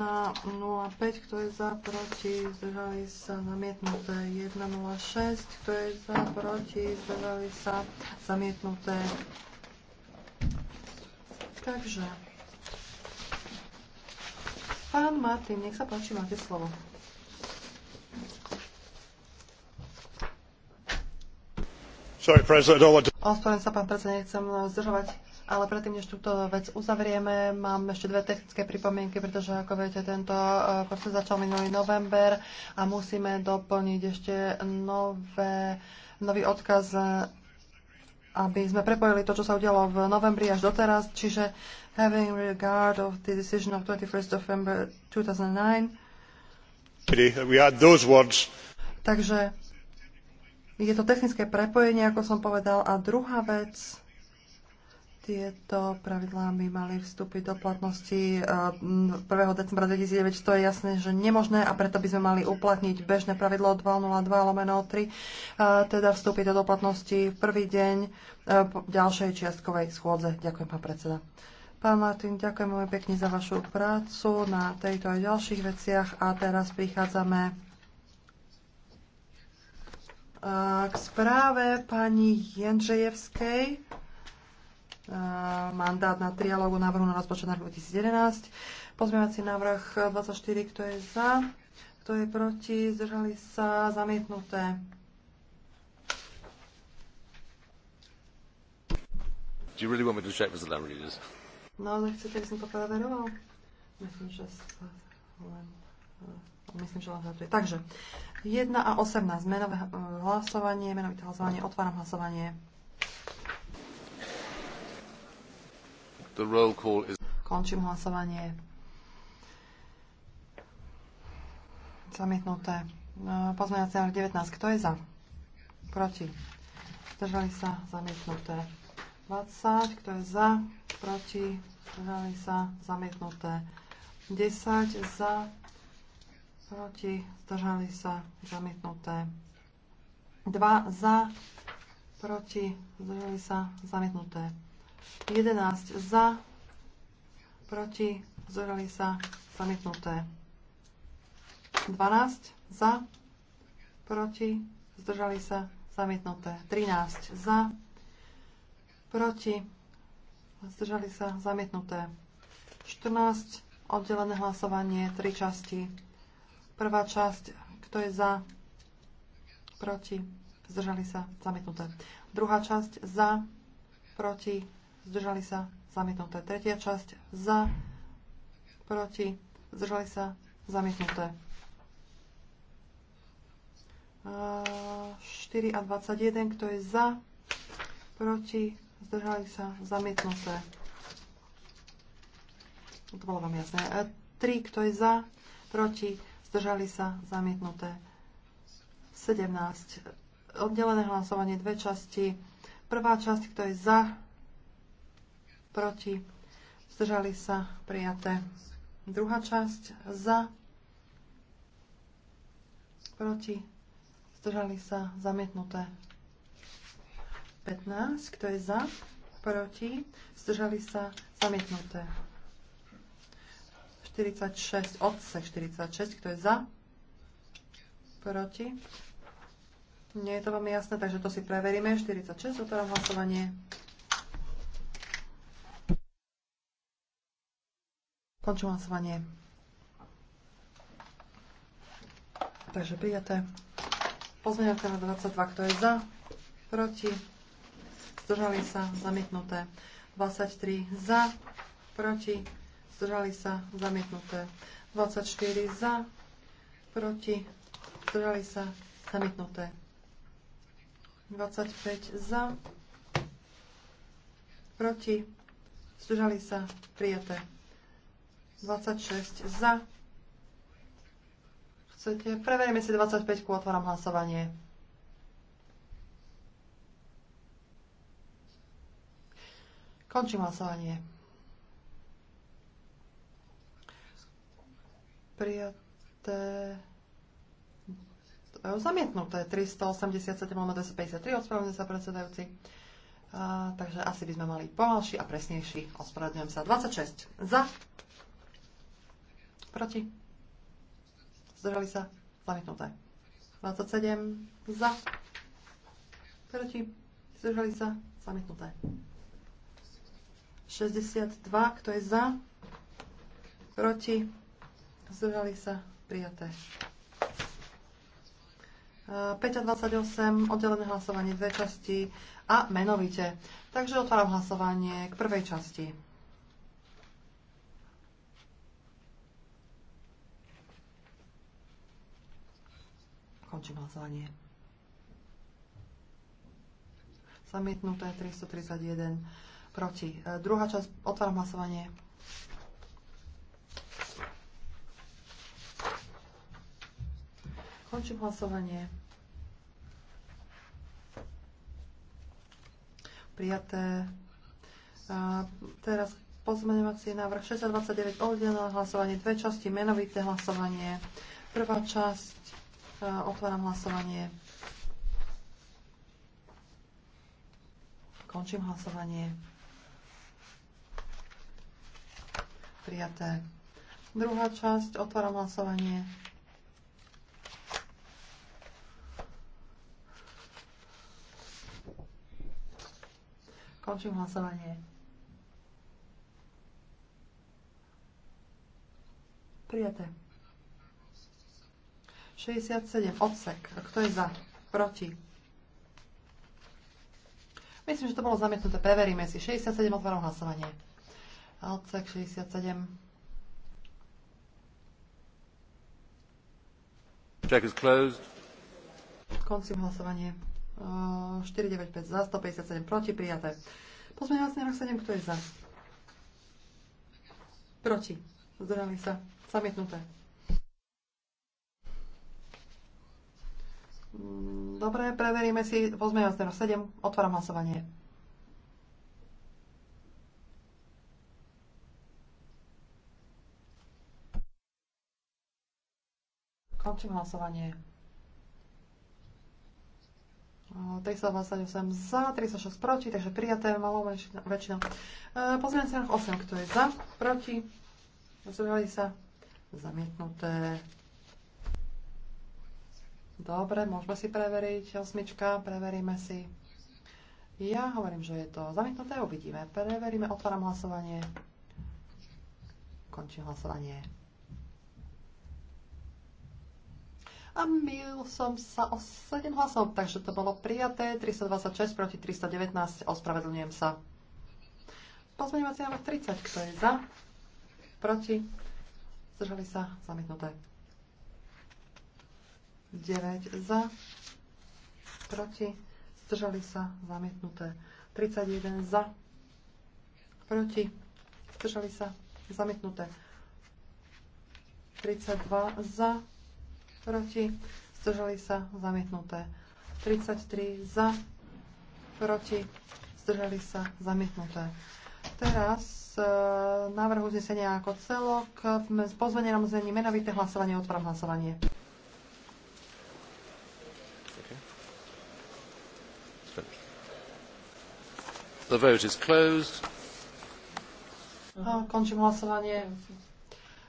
kto je za, proti, zdržali sa, zamietnuté. 1.06, kto je za, proti, zdržali sa, zamietnuté. Takže, pán Martin, nech sa páči, máte slovo. Sorry, President, I Ospravedlňujem sa, pán predseda, nechcem eh, zdržovať ale predtým, než túto vec uzavrieme, mám ešte dve technické pripomienky, pretože ako viete, tento eh, proces začal minulý november a musíme doplniť ešte nové, nový odkaz, aby sme prepojili to, čo sa udialo v novembri až doteraz, čiže having regard of the decision of 21st November 2009. We had those words. Takže je to technické prepojenie, ako som povedal. A druhá vec, tieto pravidlá by mali vstúpiť do platnosti 1. Eh, decembra 2009. To je jasné, že nemožné a preto by sme mali uplatniť bežné pravidlo 202 lomeno 3, eh, teda vstúpiť do platnosti prvý deň eh, ďalšej čiastkovej schôdze. Ďakujem, pán predseda. Pán Martin, ďakujem veľmi pekne za vašu prácu na tejto aj ďalších veciach a teraz prichádzame k správe pani Jendřejevskej. Eh, mandát na trialógu návrhu na rozpočet na rok 2011. Pozmievací návrh 24, kto je za, kto je proti, zdržali sa, zamietnuté. Do you really want me to check the that is? No, ale chcete, aby som to preveroval? Teda eh, myslím, že len, myslím, že len je. Takže 1 a 18, menové eh, hlasovanie, menovité hlasovanie, otváram hlasovanie. The roll call is... Končím hlasovanie. Zamietnuté. E, pozmeňovací návrh 19. Kto je za? Proti. Zdržali sa. Zamietnuté. 20. Kto je za? Proti. Zdržali sa. Zamietnuté. 10. Za. Proti. Zdržali sa. Zamietnuté. 2. Za. Proti. Zdržali sa. Zamietnuté. 11 za, proti, zdržali sa, zamietnuté. 12 za, proti, zdržali sa, zamietnuté. 13 za, proti, zdržali sa, zamietnuté. 14 oddelené hlasovanie, 3 časti. Prvá časť, kto je za, proti, zdržali sa, zamietnuté. Druhá časť za, proti, zdržali sa, zamietnuté. Tretia časť za, proti, zdržali sa, zamietnuté. 4 a 21, kto je za, proti, zdržali sa, zamietnuté. To bolo vám jasné. 3, kto je za, proti, zdržali sa, zamietnuté. 17. Oddelené hlasovanie, dve časti. Prvá časť, kto je za, proti, zdržali sa prijaté. Druhá časť za, proti, zdržali sa zamietnuté. 15, kto je za, proti, zdržali sa zamietnuté. 46, otce 46, kto je za, proti. Nie je to veľmi jasné, takže to si preveríme. 46, otváram hlasovanie. Končím hlasovanie. Takže prijaté. Pozmeňovka na 22, kto je za, proti, zdržali sa, zamietnuté. 23 za, proti, zdržali sa, zamietnuté. 24 za, proti, zdržali sa, zamietnuté. 25 za, proti, zdržali sa, prijaté. 26 za. Chcete? Preveríme si 25, otváram hlasovanie. Končím hlasovanie. Prijaté. Zamietnuté 387 253, ospravedlňujem sa predsedajúci. A, takže asi by sme mali pomalší a presnejší. Ospravedlňujem sa. 26 za. Proti? Zdržali sa? Zamietnuté. 27 za. Proti? Zdržali sa? Zamietnuté. 62, kto je za? Proti? Zdržali sa? Prijaté. 5 a 28, oddelené hlasovanie, dve časti a menovite. Takže otváram hlasovanie k prvej časti. Končím hlasovanie. Zamietnuté 331 proti. E, druhá časť, otváram hlasovanie. Končím hlasovanie. Prijaté. A e, teraz pozmeňovací návrh 629 oddelené hlasovanie, dve časti, menovité hlasovanie. Prvá časť Eh, otváram hlasovanie. Končím hlasovanie. Prijaté. Druhá časť. Otváram hlasovanie. Končím hlasovanie. Prijaté. 67 odsek. Kto je za? Proti? Myslím, že to bolo zamietnuté. Preveríme si. 67 otváram hlasovanie. Odsek 67. Check is closed. Koncím hlasovanie. 495 ehm, za, 157 proti, prijaté. Pozmeňovací návrh 7, kto je za? Proti. Zdravím sa. Zamietnuté. Mm, dobre, preveríme si pozmeňovací návrh 7. Otváram hlasovanie. Končím hlasovanie. 328 za, 36 proti, takže prijaté malou väčšinou. sa na 8. Kto je za? Proti? Zdržali sa? Zamietnuté. Dobre, môžeme si preveriť. Osmička, preveríme si. Ja hovorím, že je to zamietnuté, uvidíme. Preveríme, otváram hlasovanie. Končím hlasovanie. A mil som sa o 7 hlasov, takže to bolo prijaté. 326 proti 319, ospravedlňujem sa. Pozmeňovací návrh 30, kto je za? Proti? Zdržali sa? Zamietnuté. 9 za, proti, zdržali sa, zamietnuté. 31 za, proti, zdržali sa, zamietnuté. 32 za, proti, zdržali sa, zamietnuté. 33 za, proti, zdržali sa, zamietnuté. Teraz e, návrh uznesenia ako celok v na muzení, menovité hlasovanie, otvorám hlasovanie. Končím hlasovanie.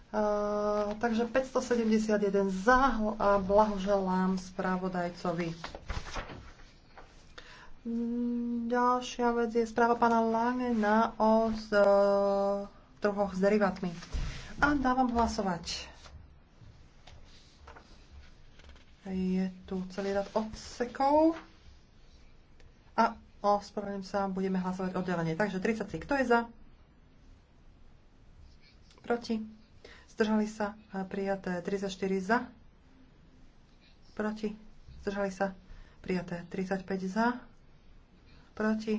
Uh, takže 571 za a blahoželám správodajcovi. Ďalšia vec je správa pána Langena o z, e, uh, trhoch s derivátmi. A dávam hlasovať. Je tu celý rad odsekov. A ospravedlňujem sa, budeme hlasovať oddelenie. Takže 33. Kto je za? Proti? Zdržali sa? Eh, prijaté 34 za? Proti? Zdržali sa? Prijaté 35 za? Proti?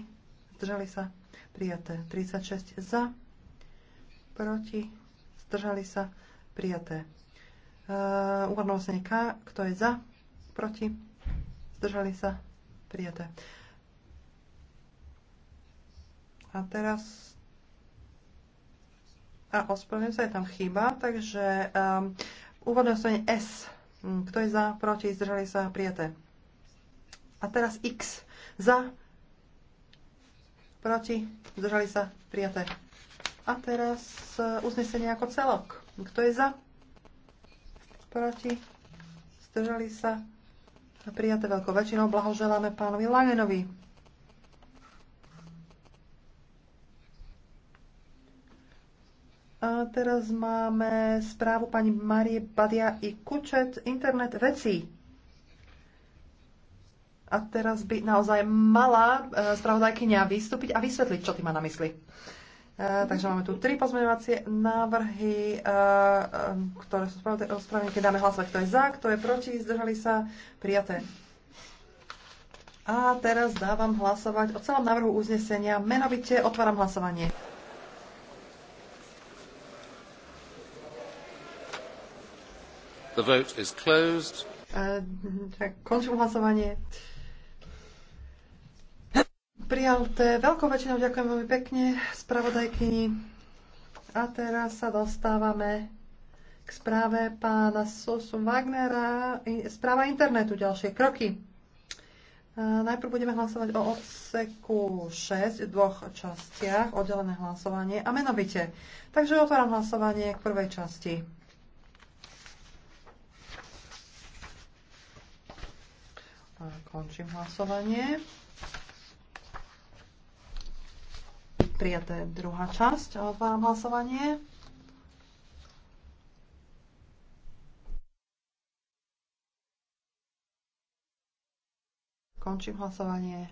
Zdržali sa? Prijaté 36 za? Proti? Zdržali sa? Prijaté. Uh, eh, Úvodné vlastne K. Kto je za? Proti? Zdržali sa? Prijaté. A teraz... A ospravedlňujem sa, je tam chyba, takže um, úvodné ostane S. Hm, kto je za, proti, zdržali sa, prijaté. A teraz X. Za, proti, zdržali sa, prijaté. A teraz uh, uznesenie ako celok. Kto je za, proti, zdržali sa, prijaté veľkou väčšinou. Blahoželáme pánovi Langenovi. A teraz máme správu pani Marie Badia i Kučet, internet vecí. A teraz by naozaj mala e, spravodajkynia vystúpiť a vysvetliť, čo ty má na mysli. E, takže máme tu tri pozmeňovacie návrhy, e, ktoré sú spravodajkynie, keď dáme hlasovať, kto je za, kto je proti, zdržali sa, prijaté. A teraz dávam hlasovať o celom návrhu uznesenia. Menovite otváram hlasovanie. The vote is closed. tak končím hlasovanie. Prijaté veľkou väčšinou ďakujem veľmi pekne spravodajkyni. A teraz sa dostávame k správe pána Sosu Wagnera, správa internetu, ďalšie kroky. Najprv budeme hlasovať o odseku 6 v dvoch častiach, oddelené hlasovanie a menovite. Takže otváram hlasovanie k prvej časti. Končím hlasovanie. Prijaté druhá časť. Otváram hlasovanie. Končím hlasovanie.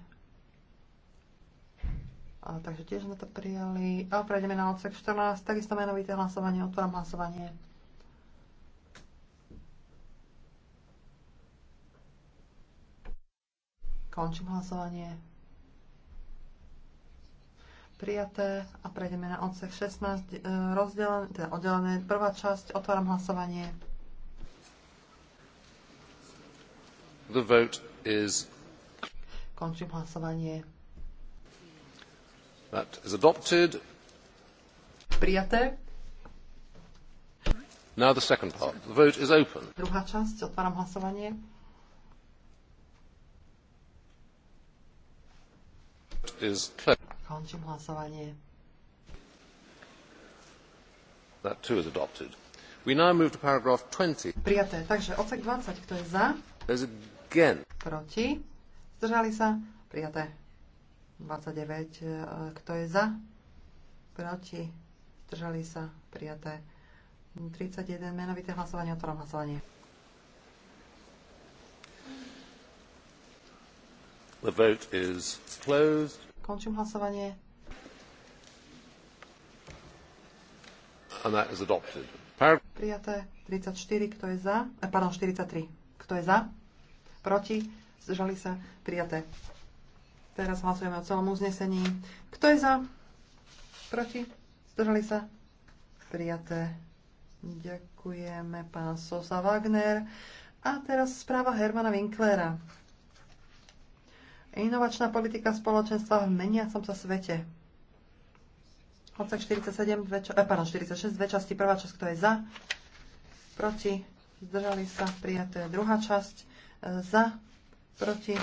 A, takže tiež sme to prijali. A prejdeme na odsek 14. Takisto menovité hlasovanie. Otváram hlasovanie. Končím hlasovanie. Prijaté a prejdeme na odsek 16, e, rozdelené, teda oddelené. Prvá časť, otváram hlasovanie. The vote is... Končím hlasovanie. That is adopted. Prijaté. Now the second part. The vote is open. Druhá časť, otváram hlasovanie. is closed. Končím hlasovanie. That too is adopted. We now move to paragraph 20. Prijaté. Takže odsek 20, kto je za? There's again. Proti. Zdržali sa? Prijaté. 29, e, kto je za? Proti. Zdržali sa? Prijaté. 31, menovité hlasovanie, otvorom hlasovanie. The vote is closed. Končím hlasovanie. Prijaté 34, kto je za? Eh, pardon, 43. Kto je za? Proti? Zdržali sa? Prijaté. Teraz hlasujeme o celom uznesení. Kto je za? Proti? Zdržali sa? Prijaté. Ďakujeme, pán Sosa Wagner. A teraz správa Hermana Winklera. Inovačná politika spoločenstva v meniacom sa svete. Odsek 47, dve, eh, pardon, 46, dve časti. Prvá časť, kto je za, proti, zdržali sa, prijaté. Druhá časť, eh, za, proti,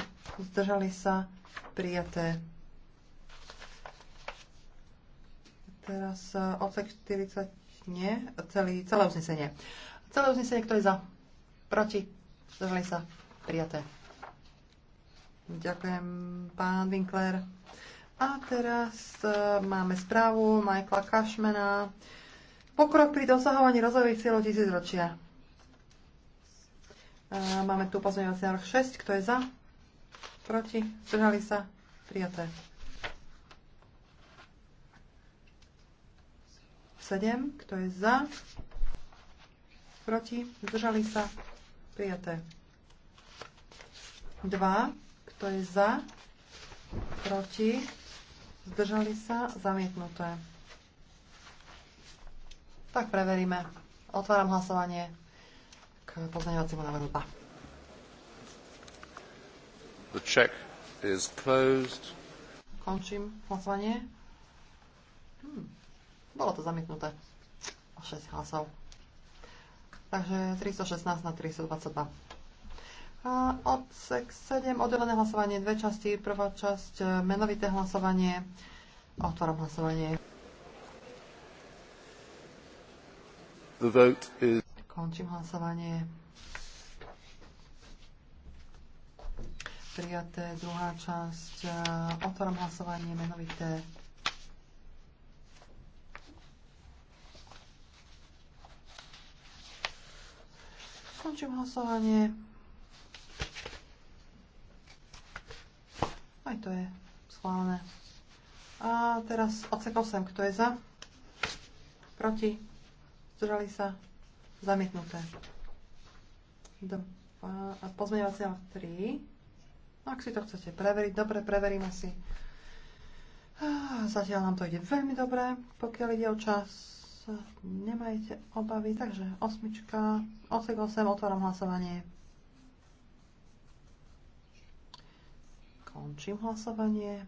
zdržali sa, prijaté. Teraz eh, odsek 40, nie, celý, celé uznesenie. Celé uznesenie, kto je za, proti, zdržali sa, prijaté. Ďakujem, pán Winkler. A teraz e, máme správu Michaela Kašmena. Pokrok pri dosahovaní rozvojových cieľov tisícročia. E, máme tu pozmeňovací návrh 6. Kto je za? Proti? Zdržali sa? Prijaté. 7. Kto je za? Proti? Zdržali sa? Prijaté. 2. Kto je za? Proti? Zdržali sa? Zamietnuté. Tak preveríme. Otváram hlasovanie k pozmeňovaciemu návrhu 2. The check is closed. Končím hlasovanie. Hm. Bolo to zamietnuté. O 6 hlasov. Takže 316 na 322. A odsek 7, oddelené hlasovanie, dve časti. Prvá časť, e, menovité hlasovanie. Otváram hlasovanie. The vote is... Končím hlasovanie. Prijaté druhá časť. E, otváram hlasovanie menovité. Končím hlasovanie. Aj to je schválené. A teraz odsek 8. Kto je za? Proti? Zdržali sa? Zamietnuté. Dva. A pozmeňovací návrh 3. Ak si to chcete preveriť, dobre, preveríme si. Zatiaľ nám to ide veľmi dobre, pokiaľ ide o čas. Nemajte obavy, takže osmička, odsek 8, otváram hlasovanie. Končím hlasovanie.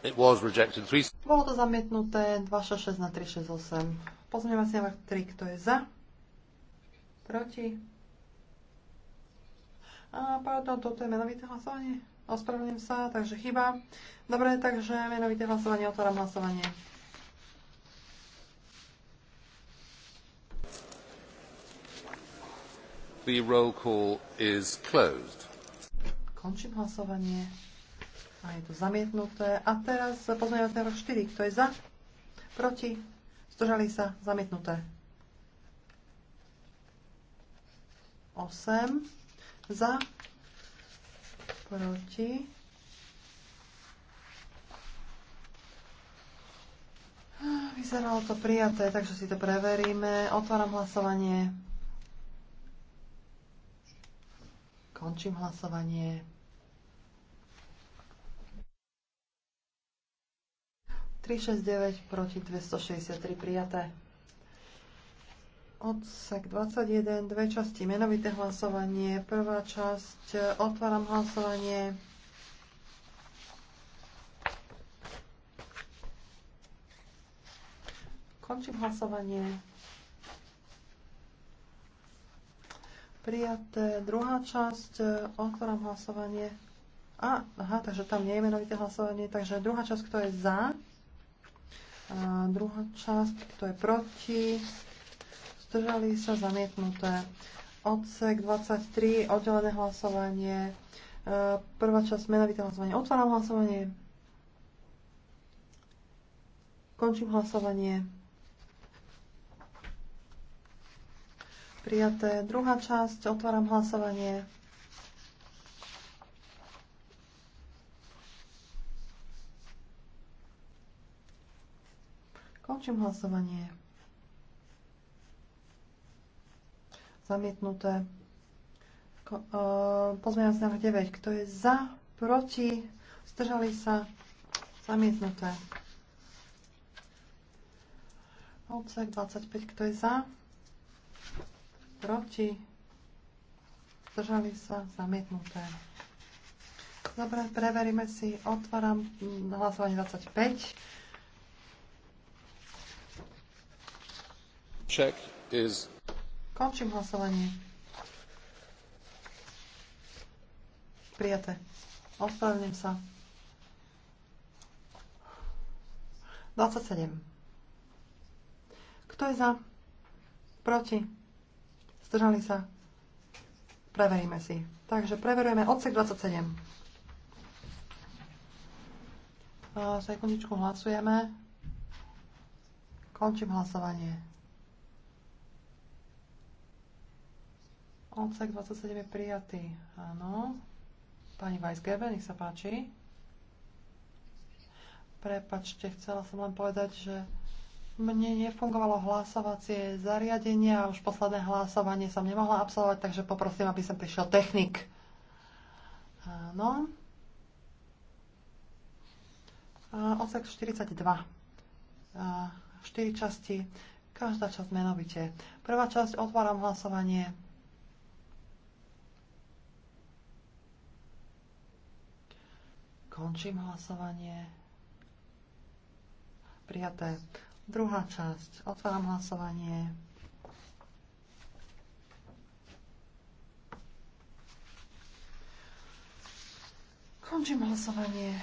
It was rejected. Three... Bolo to zamietnuté 266 na 368. Pozmeňovací návrh 3, kto je za? Proti? A pardon, toto je menovité hlasovanie. Ospravedlňujem sa, takže chyba. Dobre, takže menovité hlasovanie, otváram hlasovanie. The roll call is closed. Končím hlasovanie. A je to zamietnuté. A teraz pozmeňovací návrh 4. Kto je za? Proti? Zdržali sa? Zamietnuté. 8. Za? Proti? Vyzeralo to prijaté, takže si to preveríme. Otváram hlasovanie. Končím hlasovanie. 369 proti 263 prijaté. Odsek 21, dve časti, menovité hlasovanie. Prvá časť, otváram hlasovanie. Končím hlasovanie. Prijaté druhá časť, otváram hlasovanie. A, aha, takže tam nie je menovité hlasovanie, takže druhá časť, kto je za, a druhá časť, kto je proti, zdržali sa zamietnuté. Odsek 23, oddelené hlasovanie. E, prvá časť, menovité hlasovanie. Otváram hlasovanie. Končím hlasovanie. Prijaté. Druhá časť, otváram hlasovanie. Končím hlasovanie. Zamietnuté. Pozmeňujem na 9. Kto je za, proti, zdržali sa, zamietnuté. Odsek 25. Kto je za, proti, zdržali sa, zamietnuté. Dobre, preveríme si. Otváram hlasovanie 25. check is... Končím hlasovanie. Prijaté. Ospravedlňujem sa. 27. Kto je za? Proti? Zdržali sa? Preveríme si. Takže preverujeme odsek 27. Sekundičku hlasujeme. Končím hlasovanie. Odsek 27 je prijatý. Áno. Pani Weisgerber, nech sa páči. Prepačte, chcela som len povedať, že mne nefungovalo hlasovacie zariadenie a už posledné hlasovanie som nemohla absolvovať, takže poprosím, aby som prišiel technik. Áno. A odsek 42. A 4 časti. Každá časť menovite. Prvá časť otváram hlasovanie. Končím hlasovanie. Prijaté. Druhá časť. Otváram hlasovanie. Končím hlasovanie.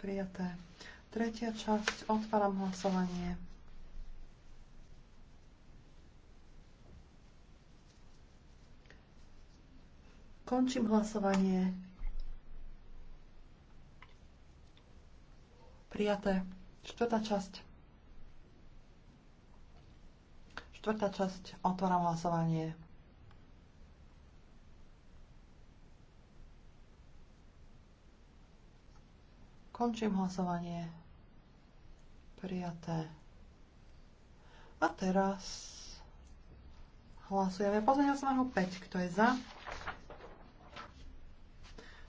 Prijaté. Tretia časť. Otváram hlasovanie. Končím hlasovanie. Prijaté. Štvrtá časť. Štvrtá časť. Otváram hlasovanie. Končím hlasovanie. Prijaté. A teraz hlasujeme pozmeňovací návrh 5. Kto je za?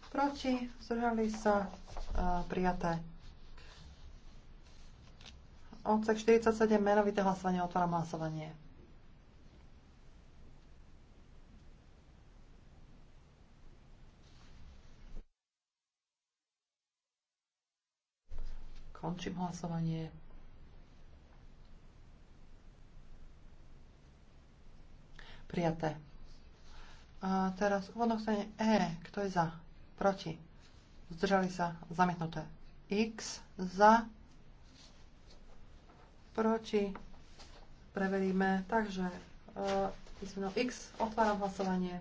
Proti? Zdržali sa? E, prijaté. Odsek 47, menovité hlasovanie, otváram hlasovanie. Končím hlasovanie. Prijaté. A e, teraz úvodné E. Kto je za? proti, zdržali sa, zamietnuté. X za, proti, preveríme. Takže písmenou písmeno X, otváram hlasovanie.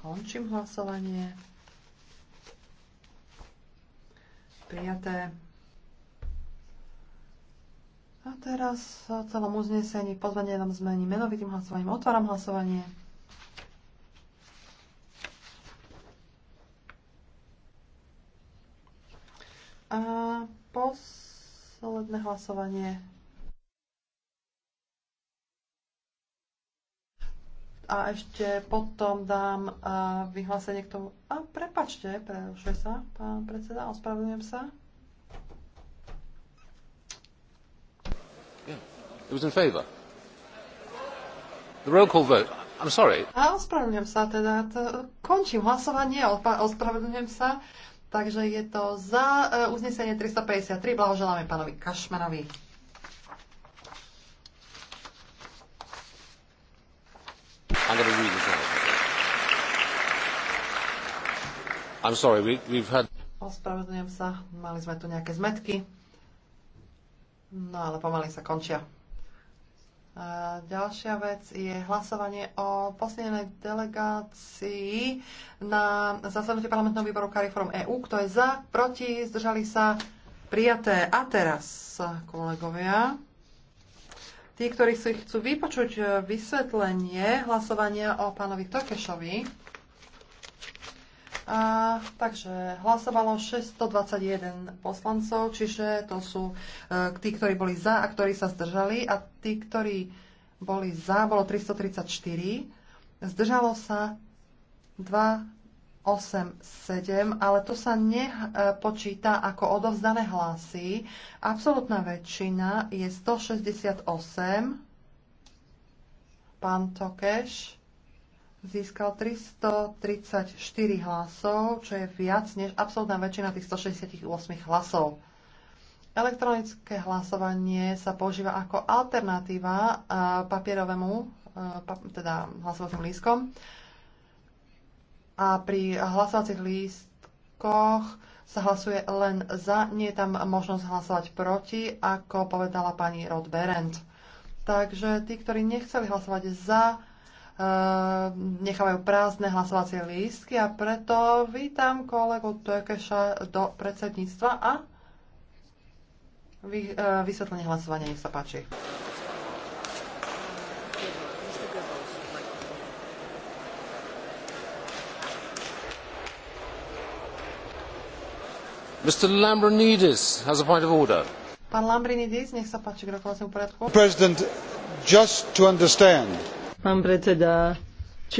končím hlasovanie. Prijaté. A teraz o celom uznesení pozvanie nám zmení menovitým hlasovaním. Otváram hlasovanie. A posledné hlasovanie. A ešte potom dám vyhlásenie k tomu. A prepačte, prerušuje sa, pán predseda, ospravedlňujem sa. Who's in favour? The roll call vote. I'm sorry. A ospravedlňujem sa teda. To končím hlasovanie, ospravedlňujem sa. Takže je to za e, uznesenie 353. Blahoželáme pánovi Kašmanovi. I'm sorry, we, we've had... Ospravedlňujem sa, mali sme tu nejaké zmetky. No ale pomaly sa končia ďalšia vec je hlasovanie o posilnenej delegácii na zasadnutie parlamentného výboru Cariforum EU. Kto je za, proti, zdržali sa, prijaté. A teraz, kolegovia, tí, ktorí si chcú vypočuť e, vysvetlenie hlasovania o pánovi Tokešovi, a, takže hlasovalo 621 poslancov, čiže to sú e, tí, ktorí boli za a ktorí sa zdržali a tí, ktorí boli za, bolo 334. Zdržalo sa 287, ale to sa nepočíta e, ako odovzdané hlasy. Absolutná väčšina je 168. Pán Tokeš získal 334 hlasov, čo je viac než absolútna väčšina tých 168 hlasov. Elektronické hlasovanie sa používa ako alternatíva e, papierovému, e, teda hlasovacím lístkom. A pri hlasovacích lístkoch sa hlasuje len za, nie je tam možnosť hlasovať proti, ako povedala pani Rod Berendt. Takže tí, ktorí nechceli hlasovať za, Ehm, nechávajú prázdne hlasovacie lístky a preto vítam kolegu Tökeša do predsedníctva a vy, e, vysvetlenie hlasovania, nech sa páči. Mr. Lambrinidis has a point of order. Pán Lambrinidis, nech sa páči k rokovaciemu poriadku. President, just to understand, Pán predseda,